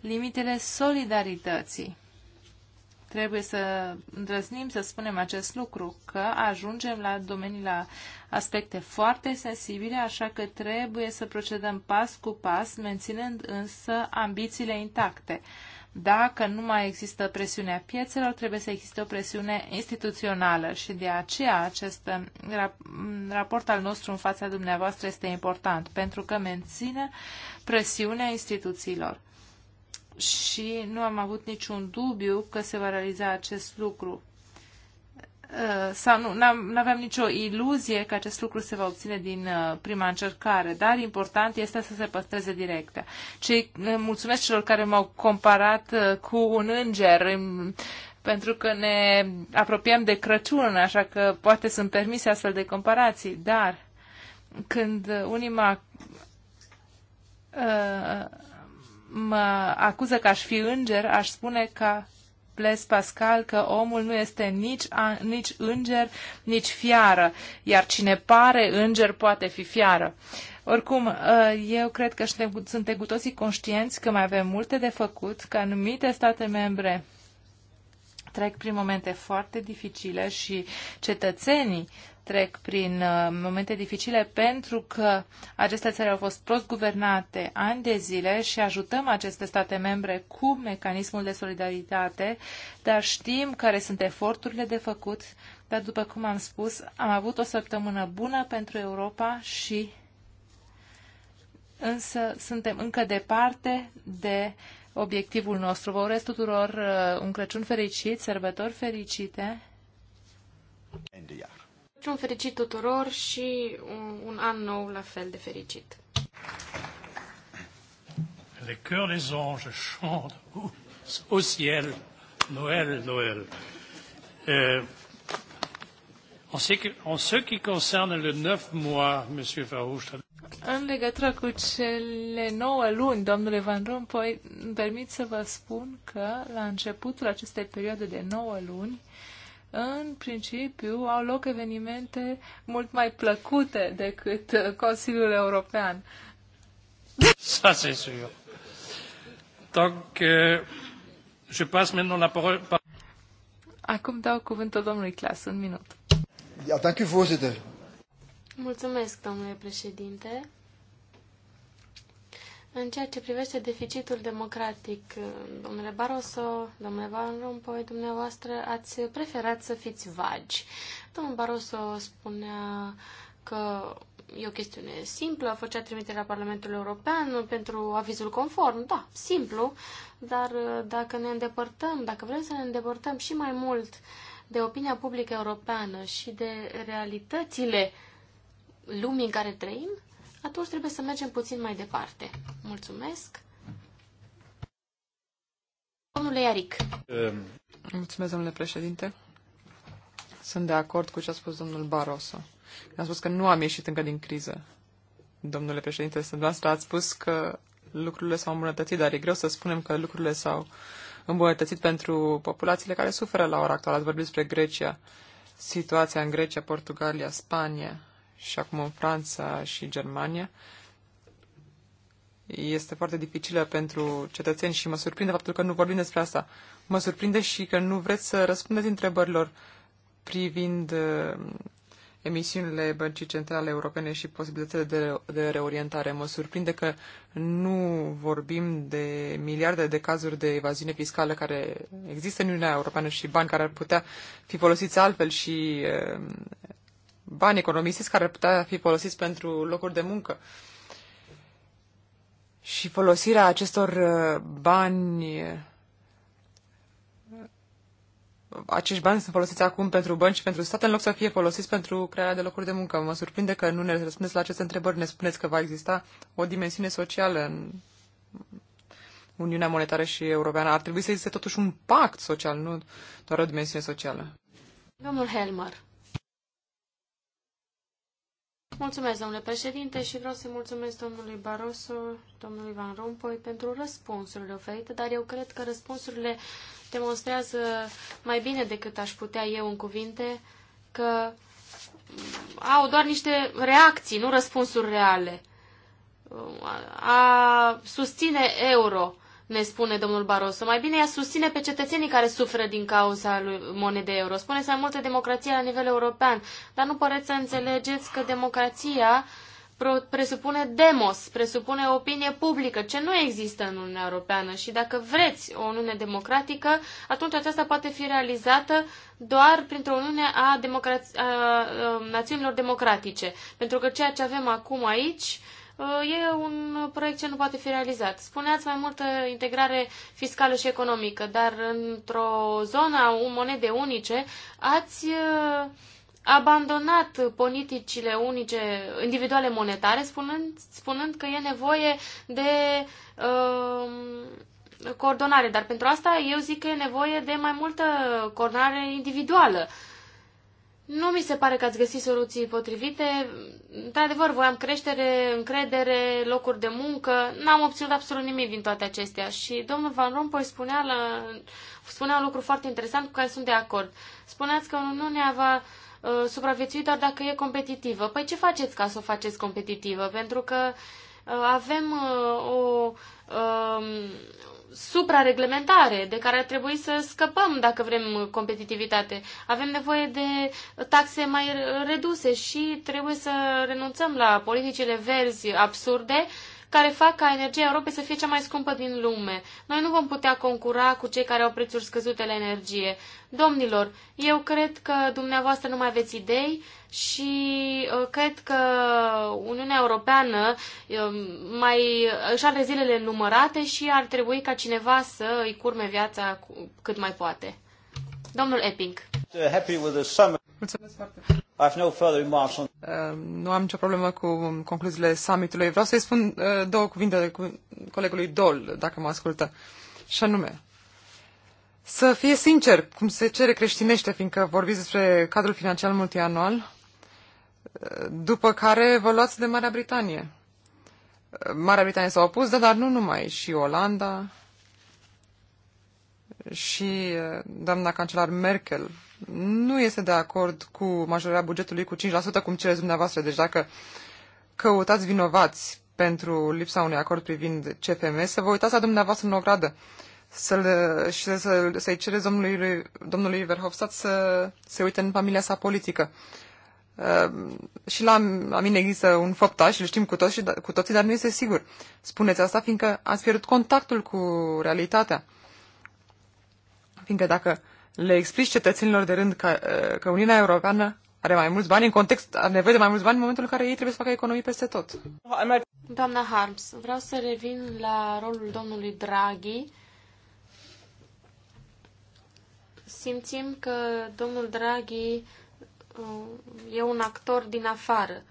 limitele solidarității. Trebuie să îndrăznim să spunem acest lucru, că ajungem la domenii, la aspecte foarte sensibile, așa că trebuie să procedăm pas cu pas, menținând însă ambițiile intacte. Dacă nu mai există presiunea piețelor, trebuie să existe o presiune instituțională și de aceea acest um, um, raport al nostru în fața dumneavoastră este important, pentru că menține presiunea instituțiilor și nu am avut niciun dubiu că se va realiza acest lucru. Uh, sau nu, nu aveam nicio iluzie că acest lucru se va obține din uh, prima încercare, dar important este să se păstreze directă. Cei, mulțumesc celor care m-au comparat uh, cu un înger, pentru că ne apropiem de Crăciun, așa că poate sunt permise astfel de comparații, dar când unii m uh, mă acuză că aș fi înger, aș spune ca Blaise Pascal că omul nu este nici, a, nici înger, nici fiară, iar cine pare înger poate fi fiară. Oricum, uh, eu cred că suntem cu toții conștienți că mai avem multe de făcut, că anumite state membre trec prin momente foarte dificile și cetățenii trec prin uh, momente dificile pentru că aceste țări au fost prost guvernate ani de zile și ajutăm aceste state membre cu mecanismul de solidaritate, dar știm care sunt eforturile de făcut, dar după cum am spus, am avut o săptămână bună pentru Europa și însă suntem încă departe de obiectivul nostru. Vă urez tuturor uh, un Crăciun fericit, sărbători fericite. End Crăciun fericit tuturor și un, un an nou la fel de fericit. Les chœurs des anges chantent au, au ciel, Noël, Noël. Euh, en, ce qui, en ce qui concerne le neuf mois, Monsieur Farouche, în legătură cu cele nouă luni, domnule Van Rompuy, îmi permit să vă spun că la începutul acestei perioade de nouă luni, uh, în principiu au loc evenimente mult mai plăcute decât uh, Consiliul European. Ça, c'est sûr. Donc, euh, je passe maintenant la parole... Acum dau cuvântul domnului Clas, un minut. Ja, danke, voorzitter. Mulțumesc, domnule președinte. În ceea ce privește deficitul democratic, domnule Barroso, domnule Van Rompuy, dumneavoastră ați preferat să fiți vagi. Domnul Barroso spunea că e o chestiune simplă, făcea trimiterea Parlamentului European pentru avizul conform, da, simplu, dar dacă ne îndepărtăm, dacă vrem să ne îndepărtăm și mai mult de opinia publică europeană și de realitățile lumii în care trăim, atunci trebuie să mergem puțin mai departe. Mulțumesc. Domnule Iaric. Ehm. Mulțumesc, domnule președinte. Sunt de acord cu ce a spus domnul Barroso. A spus că nu am ieșit încă din criză. Domnule președinte, dumneavoastră ați spus că lucrurile s-au îmbunătățit, dar e greu să spunem că lucrurile s-au îmbunătățit pentru populațiile care suferă la ora actuală. Ați vorbit despre Grecia, situația în Grecia, Portugalia, Spania, și acum în Franța și Germania este foarte dificilă pentru cetățeni și mă surprinde faptul că nu vorbim despre asta. Mă surprinde și că nu vreți să răspundeți întrebărilor privind uh, emisiunile Băncii Centrale Europene și posibilitățile de, de reorientare. Mă surprinde că nu vorbim de miliarde de cazuri de evaziune fiscală care există în Uniunea Europeană și bani care ar putea fi folosiți altfel și uh, bani economisiți care ar putea fi folosiți pentru locuri de muncă. Și folosirea acestor uh, bani, uh, acești bani sunt folosiți acum pentru bani și pentru stat, în loc să fie folosiți pentru crearea de locuri de muncă. Mă surprinde că nu ne răspundeți la aceste întrebări, ne spuneți că va exista o dimensiune socială în Uniunea Monetară și Europeană. Ar trebui să existe totuși un pact social, nu doar o dimensiune socială. Domnul Helmer. Mulțumesc, domnule președinte, și vreau să mulțumesc domnului Barroso, domnului Van Rompuy pentru răspunsurile oferite, dar eu cred că răspunsurile demonstrează mai bine decât aș putea eu în cuvinte că au doar niște reacții, nu răspunsuri reale. A susține euro ne spune domnul Barroso. Mai bine ea susține pe cetățenii care suferă din cauza lui monedei euro. Spuneți mai multă democrație la nivel european, dar nu păreți să înțelegeți că democrația presupune demos, presupune opinie publică, ce nu există în Uniunea Europeană și dacă vreți o Uniune democratică, atunci aceasta poate fi realizată doar printr-o Uniune a, democra- a, a, a națiunilor democratice. Pentru că ceea ce avem acum aici uh, Uh, e un proiect ce nu poate fi realizat. Spuneați mai multă integrare fiscală și economică, dar într-o zonă a monede unice ați uh, abandonat politicile unice, individuale monetare, spunând, spunând că e nevoie de uh, coordonare. Dar pentru asta eu zic că e nevoie de mai multă coordonare individuală. Uh, nu mi se pare că ați găsit soluții potrivite. Într-adevăr, voiam creștere, încredere, locuri de muncă. N-am obținut absolut nimic din toate acestea. Și domnul Van Rompuy spunea, la, spunea un lucru foarte interesant cu care sunt de acord. Spuneați că Uniunea va uh, supraviețui doar dacă e competitivă. Păi ce faceți ca să o faceți competitivă? Pentru că uh, avem uh, o, uh, suprareglementare de care ar trebui să scăpăm dacă vrem competitivitate. Avem nevoie de taxe mai reduse și trebuie să renunțăm la politicile verzi absurde uh, care fac ca energia Europei să fie cea mai scumpă din lume. Noi nu vom putea concura cu cei care au prețuri scăzute la energie. Domnilor, eu cred că dumneavoastră nu mai aveți idei și uh, cred că Uniunea Europeană um, mai își are zilele numărate și ar trebui ca cineva să îi curme viața cât mai poate. Domnul Epping. Uh, nu am nicio problemă cu concluziile summitului. Vreau să-i spun uh, două cuvinte colegului Dol, dacă mă ascultă. Și anume, să fie sincer, cum se cere creștinește, fiindcă vorbiți despre cadrul financiar multianual, uh, după care vă luați de Marea Britanie. Marea Britanie s-a opus, da, dar nu numai, și Olanda, și uh, doamna cancelar Merkel nu este de acord cu majorarea bugetului cu 5%, cum cereți dumneavoastră. Deci dacă căutați vinovați pentru lipsa unui acord privind CFM, să vă uitați la dumneavoastră în ogradă să și să, să-i cereți domnului, domnului Verhofstadt să se uite în familia sa politică. Uh, și la, la mine există un făptaș, îl știm cu, toți, și, da, cu toții, dar nu este sigur. Spuneți asta fiindcă ați pierdut contactul cu realitatea. Fiindcă dacă le explici cetățenilor de rând că, uh, că Uniunea Europeană are mai mulți bani în context, are nevoie de mai mulți bani în momentul în care ei trebuie să facă economii peste tot. Doamna Harms, vreau să revin la rolul domnului Draghi. Simțim că domnul Draghi uh, e un actor din afară.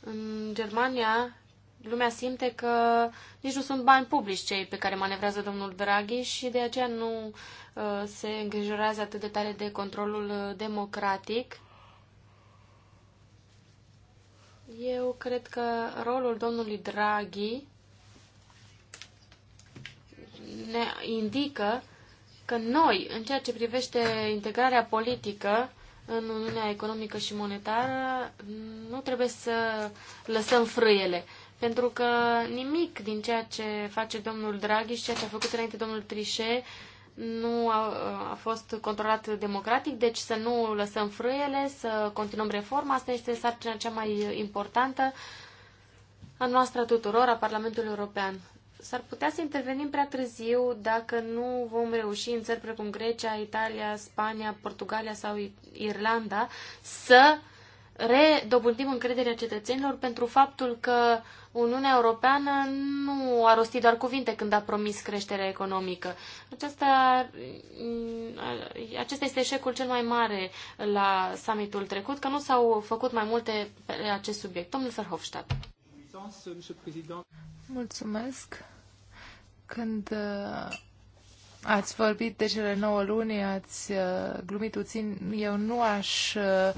În Germania lumea simte că nici nu sunt bani publici cei pe care manevrează domnul Draghi și de aceea nu uh, se îngrijorează atât de tare de controlul uh, democratic. Eu cred că rolul domnului Draghi ne indică că noi, în ceea ce privește integrarea politică în Uniunea Economică și Monetară, nu trebuie să lăsăm frâiele pentru că nimic din ceea ce face domnul Draghi și ceea ce a făcut înainte domnul Trichet nu a, a fost controlat democratic, deci să nu lăsăm frâiele, să continuăm reforma. Asta este sarcina cea mai importantă a noastră a tuturor, a Parlamentului European. S-ar putea să intervenim prea târziu dacă nu vom reuși în țări precum Grecia, Italia, Spania, Portugalia sau Irlanda să uh, redobândim încrederea cetățenilor pentru faptul că Uniunea Europeană nu a rostit doar cuvinte când a promis creșterea economică. Aceasta, acesta este eșecul cel mai mare la summitul trecut, că nu s-au făcut mai multe pe acest subiect. Domnul Verhofstadt. Mulțumesc. Când uh, ați vorbit de cele nouă luni, ați uh, glumit puțin. Eu nu aș uh,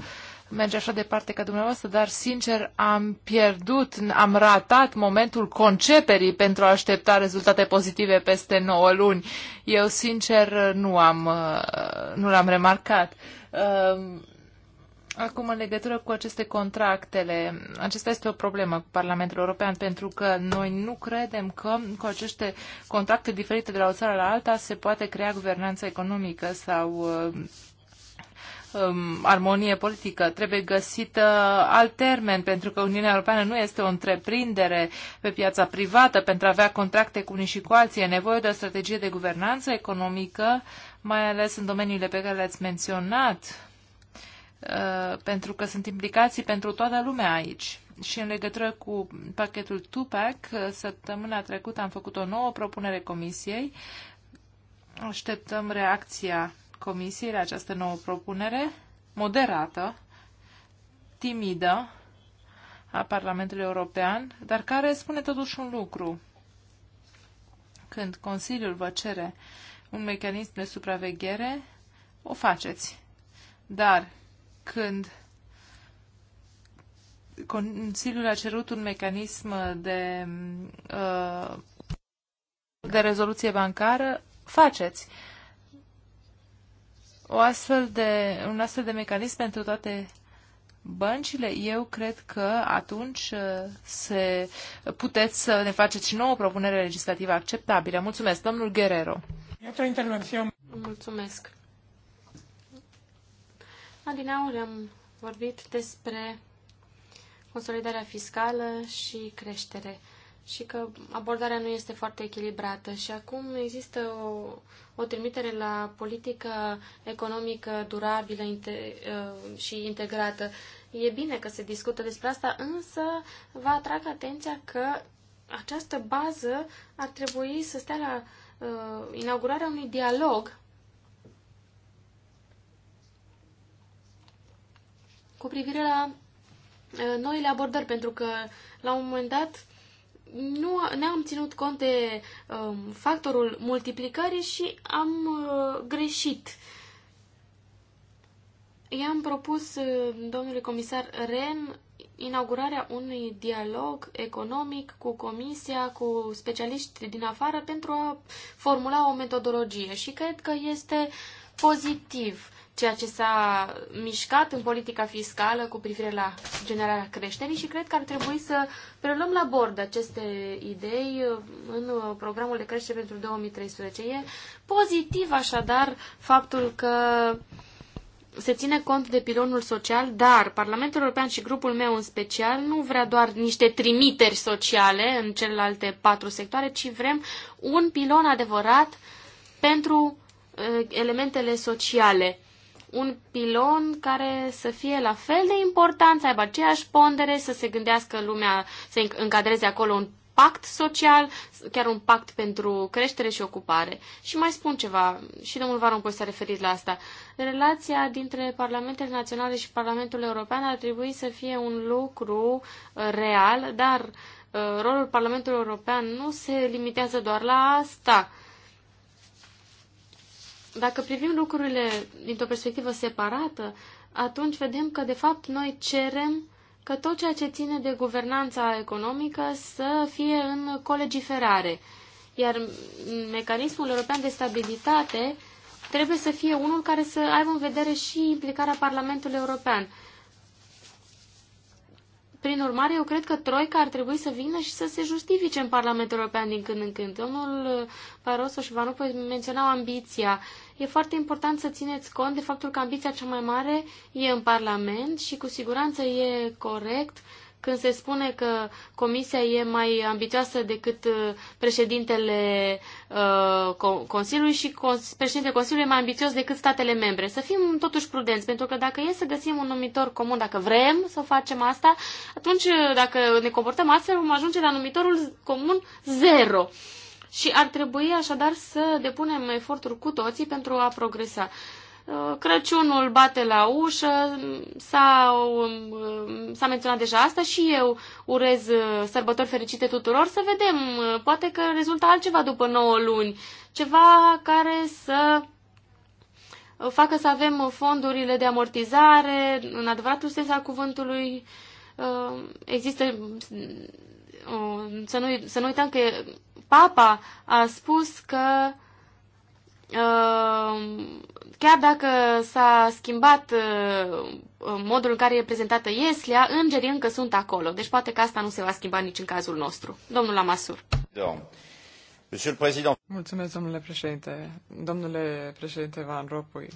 merge așa departe ca dumneavoastră, dar sincer am pierdut, am ratat momentul conceperii pentru a aștepta rezultate pozitive peste 9 luni. Eu sincer nu am, uh, nu l-am remarcat. Um, acum, în legătură cu aceste contractele, acesta este o problemă cu Parlamentul European, pentru că noi nu credem că cu aceste contracte diferite de la o țară la alta se poate crea guvernanță economică sau uh, um, armonie politică. Trebuie găsită alt termen, pentru că Uniunea Europeană nu este o întreprindere pe piața privată pentru a avea contracte cu unii și cu alții. E nevoie de o strategie de guvernanță economică, mai ales în domeniile pe care le-ați menționat, uh, pentru că sunt implicații pentru toată lumea aici. Și în legătură cu pachetul Tupac, uh, săptămâna trecută am făcut o nouă propunere comisiei. Așteptăm reacția Comisiei la această nouă propunere moderată, timidă a Parlamentului European, dar care spune totuși un lucru. Când Consiliul vă cere un mecanism de supraveghere, o faceți. Dar când Consiliul a cerut un mecanism de, uh, de rezoluție bancară, faceți o astfel de, un astfel de mecanism pentru toate băncile, eu cred că atunci uh, se, puteți să ne faceți și nouă propunere legislativă acceptabilă. Mulțumesc, domnul Guerrero. Mulțumesc. Adinauri am vorbit despre consolidarea fiscală și creștere și că abordarea nu este foarte echilibrată. Și acum există o, o trimitere la politică economică durabilă inte, uh, și integrată. E bine că se discută despre asta, însă vă atrag atenția că această bază ar trebui să stea la uh, inaugurarea unui dialog cu privire la uh, noile abordări, pentru că la un moment dat nu ne-am ținut cont de um, factorul multiplicării și am uh, greșit. I-am propus uh, domnului comisar Ren inaugurarea unui dialog economic cu comisia, cu specialiști din afară pentru a formula o metodologie și cred că este pozitiv ceea ce s-a mișcat în politica fiscală cu privire la generarea creșterii și cred că ar trebui să preluăm la bord aceste idei uh, în uh, programul de creștere pentru 2013. E pozitiv așadar faptul că se ține cont de pilonul social, dar Parlamentul European și grupul meu în special nu vrea doar niște trimiteri sociale în celelalte patru sectoare, ci vrem un pilon adevărat pentru uh, elementele sociale un pilon care să fie la fel de important, să aibă aceeași pondere, să se gândească lumea, să încadreze acolo un pact social, chiar un pact pentru creștere și ocupare. Și mai spun ceva, și domnul Varoncu s-a referit la asta. Relația dintre Parlamentele Naționale și Parlamentul European ar trebui să fie un lucru uh, real, dar uh, rolul Parlamentului European nu se limitează doar la asta. Dacă privim lucrurile dintr-o perspectivă separată, atunci vedem că, de fapt, noi cerem că tot ceea ce ține de guvernanța economică să fie în colegiferare. Iar mecanismul european de stabilitate trebuie să fie unul care să aibă în vedere și implicarea Parlamentului European. Prin urmare, eu cred că Troica ar trebui să vină și să se justifice în Parlamentul European din când în când. Domnul Paroso și Vanupe menționau ambiția uh, E foarte important să țineți cont de faptul că ambiția cea mai mare e în Parlament și cu siguranță e corect când se spune că Comisia e mai ambițioasă decât uh, președintele uh, Consiliului și cons președintele Consiliului e mai ambițios decât statele membre. Să fim totuși prudenți, pentru că dacă e să găsim un numitor comun, dacă vrem să facem asta, atunci uh, dacă ne comportăm astfel, vom ajunge la numitorul comun zero. Uh, și ar trebui așadar să depunem eforturi cu toții pentru a progresa. Uh, Crăciunul bate la ușă, s um, um, a menționat deja asta și eu urez uh, sărbători fericite tuturor. Să vedem, uh, poate că rezultă altceva după 9 luni, ceva care să facă să avem fondurile de amortizare, în adevăratul sens al cuvântului, există, să nu, să nu uităm că Papa a spus că uh, chiar dacă s-a schimbat uh, modul în care e prezentată Ieslea, îngerii încă sunt acolo. Deci poate că asta nu se va schimba nici în cazul nostru. Domnul Lamasur. Da. Mulțumesc, domnule președinte. Domnule președinte Van Ropui,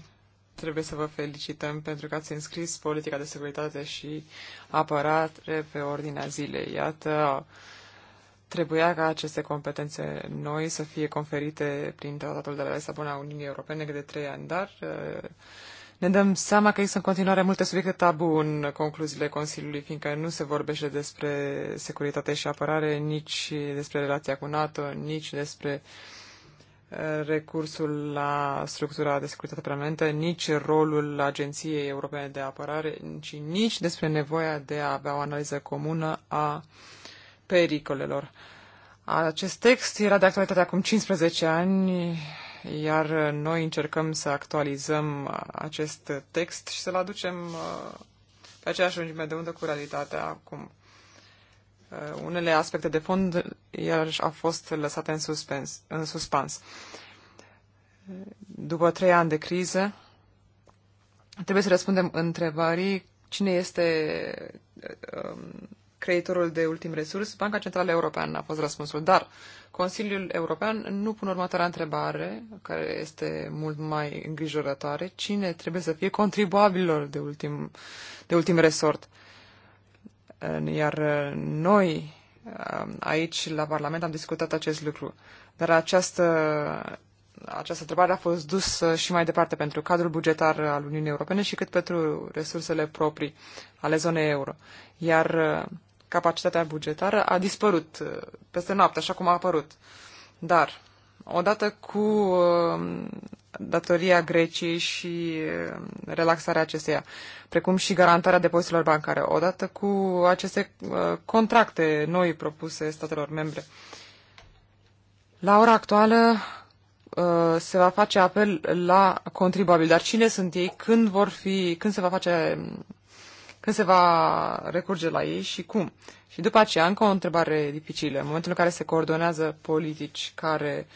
trebuie să vă felicităm pentru că ați înscris politica de securitate și apărare pe ordinea zilei. Iată, Trebuia ca aceste competențe noi să fie conferite prin tratatul de la Lisabona a Uniunii Europene de trei ani, dar uh, ne dăm seama că există în continuare multe subiecte tabu în concluziile Consiliului, fiindcă nu se vorbește despre securitate și apărare, nici despre relația cu NATO, nici despre uh, recursul la structura de securitate permanentă, nici rolul Agenției Europene de Apărare, nici nici despre nevoia de a avea o analiză comună a uh, pericolelor. Acest text era de actualitate acum 15 ani, iar noi încercăm să actualizăm acest text și să-l aducem uh, pe aceeași lungime de undă cu realitatea acum. Uh, unele aspecte de fond iarăși au fost lăsate în, suspens, în suspans. După trei ani de criză, trebuie să răspundem întrebării cine este uh, um, creditorul de ultim resurs, Banca Centrală Europeană a fost răspunsul. Dar Consiliul European nu pune următoarea întrebare, care este mult mai îngrijorătoare, cine trebuie să fie contribuabilor de ultim, de ultim resort. Iar uh, noi uh, aici la Parlament am discutat acest lucru. Dar această această întrebare a fost dusă și mai departe pentru cadrul bugetar al Uniunii Europene și cât pentru resursele proprii ale zonei euro. Iar uh, capacitatea bugetară a dispărut uh, peste noapte, așa cum a apărut. Dar, odată cu um, datoria Greciei și um, relaxarea acesteia, precum și garantarea depozitelor bancare, odată cu aceste uh, contracte noi propuse statelor membre. La ora actuală uh, se va face apel la contribuabil, dar cine sunt ei, când vor fi, când se va face um, când se va recurge la ei și cum. Și după aceea, încă o întrebare dificilă. În momentul în care se coordonează politici care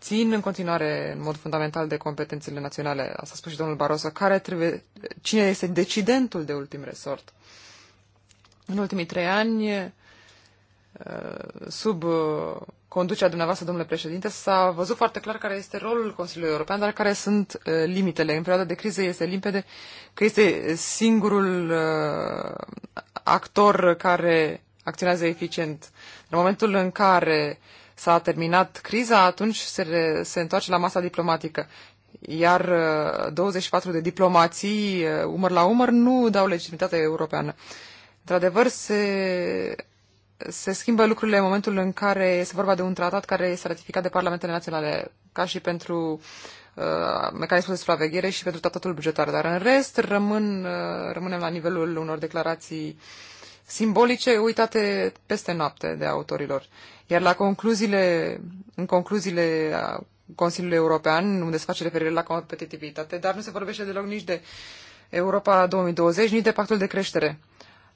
țin în continuare în mod fundamental de competențele naționale, asta a spus și domnul Barroso, care trebuie, cine este decidentul de ultim resort. În ultimii trei ani, Uh, sub uh, conducerea dumneavoastră, domnule președinte, s-a văzut foarte clar care este rolul Consiliului European, dar care sunt uh, limitele. În perioada de criză este limpede că este singurul actor care acționează eficient. În momentul în care s-a terminat criza, atunci se, re, se întoarce la masa diplomatică. Iar 24 de diplomații, umăr la umăr, nu dau legitimitate europeană. Într-adevăr, se se schimbă lucrurile în momentul în care este vorba de un tratat care este ratificat de parlamentele naționale, ca și pentru uh, mecanismul de supraveghere și pentru tratatul bugetar. Dar în rest rămân, uh, rămânem la nivelul unor declarații simbolice uitate peste noapte de autorilor. Iar la concluziile, în concluziile Consiliului European, unde se face referire la competitivitate, dar nu se vorbește deloc nici de Europa 2020, nici de pactul de creștere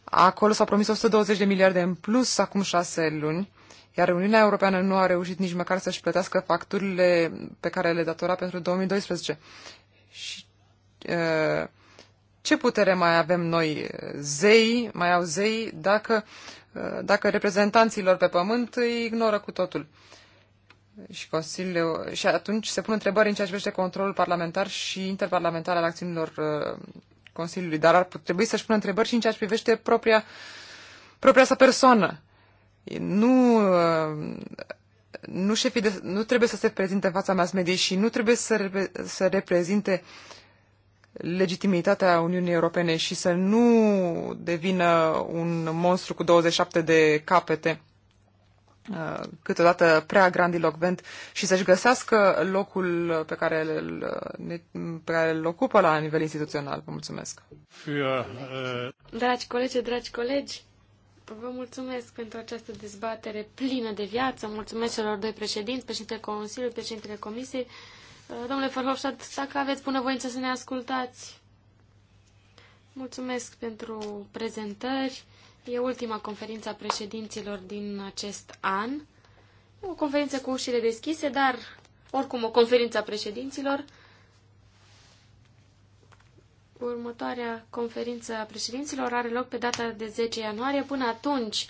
Acolo s-au promis 120 de miliarde în plus acum șase luni, iar Uniunea Europeană nu a reușit nici măcar să-și plătească facturile pe care le datora pentru 2012. Și ce putere mai avem noi, zei, mai au zei, dacă, uh, dacă reprezentanților pe pământ îi ignoră cu totul? Și, Consiliul, și atunci se pun întrebări în ceea ce privește controlul parlamentar și interparlamentar al acțiunilor uh, Consiliului, dar ar trebui să-și pună întrebări și în ceea ce privește propria, propria sa persoană. Nu, uh, nu, șefii de, nu trebuie să se prezinte în fața mass media și nu trebuie să, repre, să reprezinte legitimitatea Uniunii Europene și să nu devină un monstru cu 27 de capete Uh, câteodată prea grandilocvent și să-și găsească locul pe care, îl, uh, pe care îl ocupă la nivel instituțional. Vă mulțumesc! Uh, dragi colegi, dragi colegi, vă mulțumesc pentru această dezbatere plină de viață. Mulțumesc celor doi președinți, președintele Consiliului, președintele Comisiei. Domnule Forhofstadt, dacă aveți voință să ne ascultați, mulțumesc pentru prezentări E ultima conferință a președinților din acest an. o conferință cu ușile deschise, dar oricum o conferință a președinților. Următoarea conferință a președinților are loc pe data de 10 ianuarie. Până atunci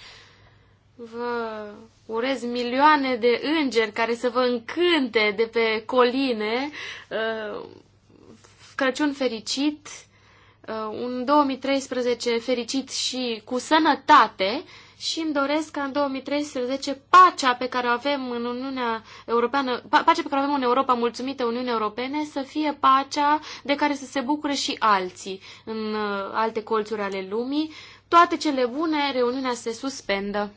vă urez milioane de îngeri care să vă încânte de pe coline. Uh, Crăciun fericit! Uh, un 2013 fericit și cu sănătate și îmi doresc ca în 2013 pacea pe care o avem în Uniunea Europeană, pacea pe care o avem în Europa mulțumită Uniunii Europene să fie pacea de care să se bucure și alții în uh, alte colțuri ale lumii. Toate cele bune, reuniunea se suspendă.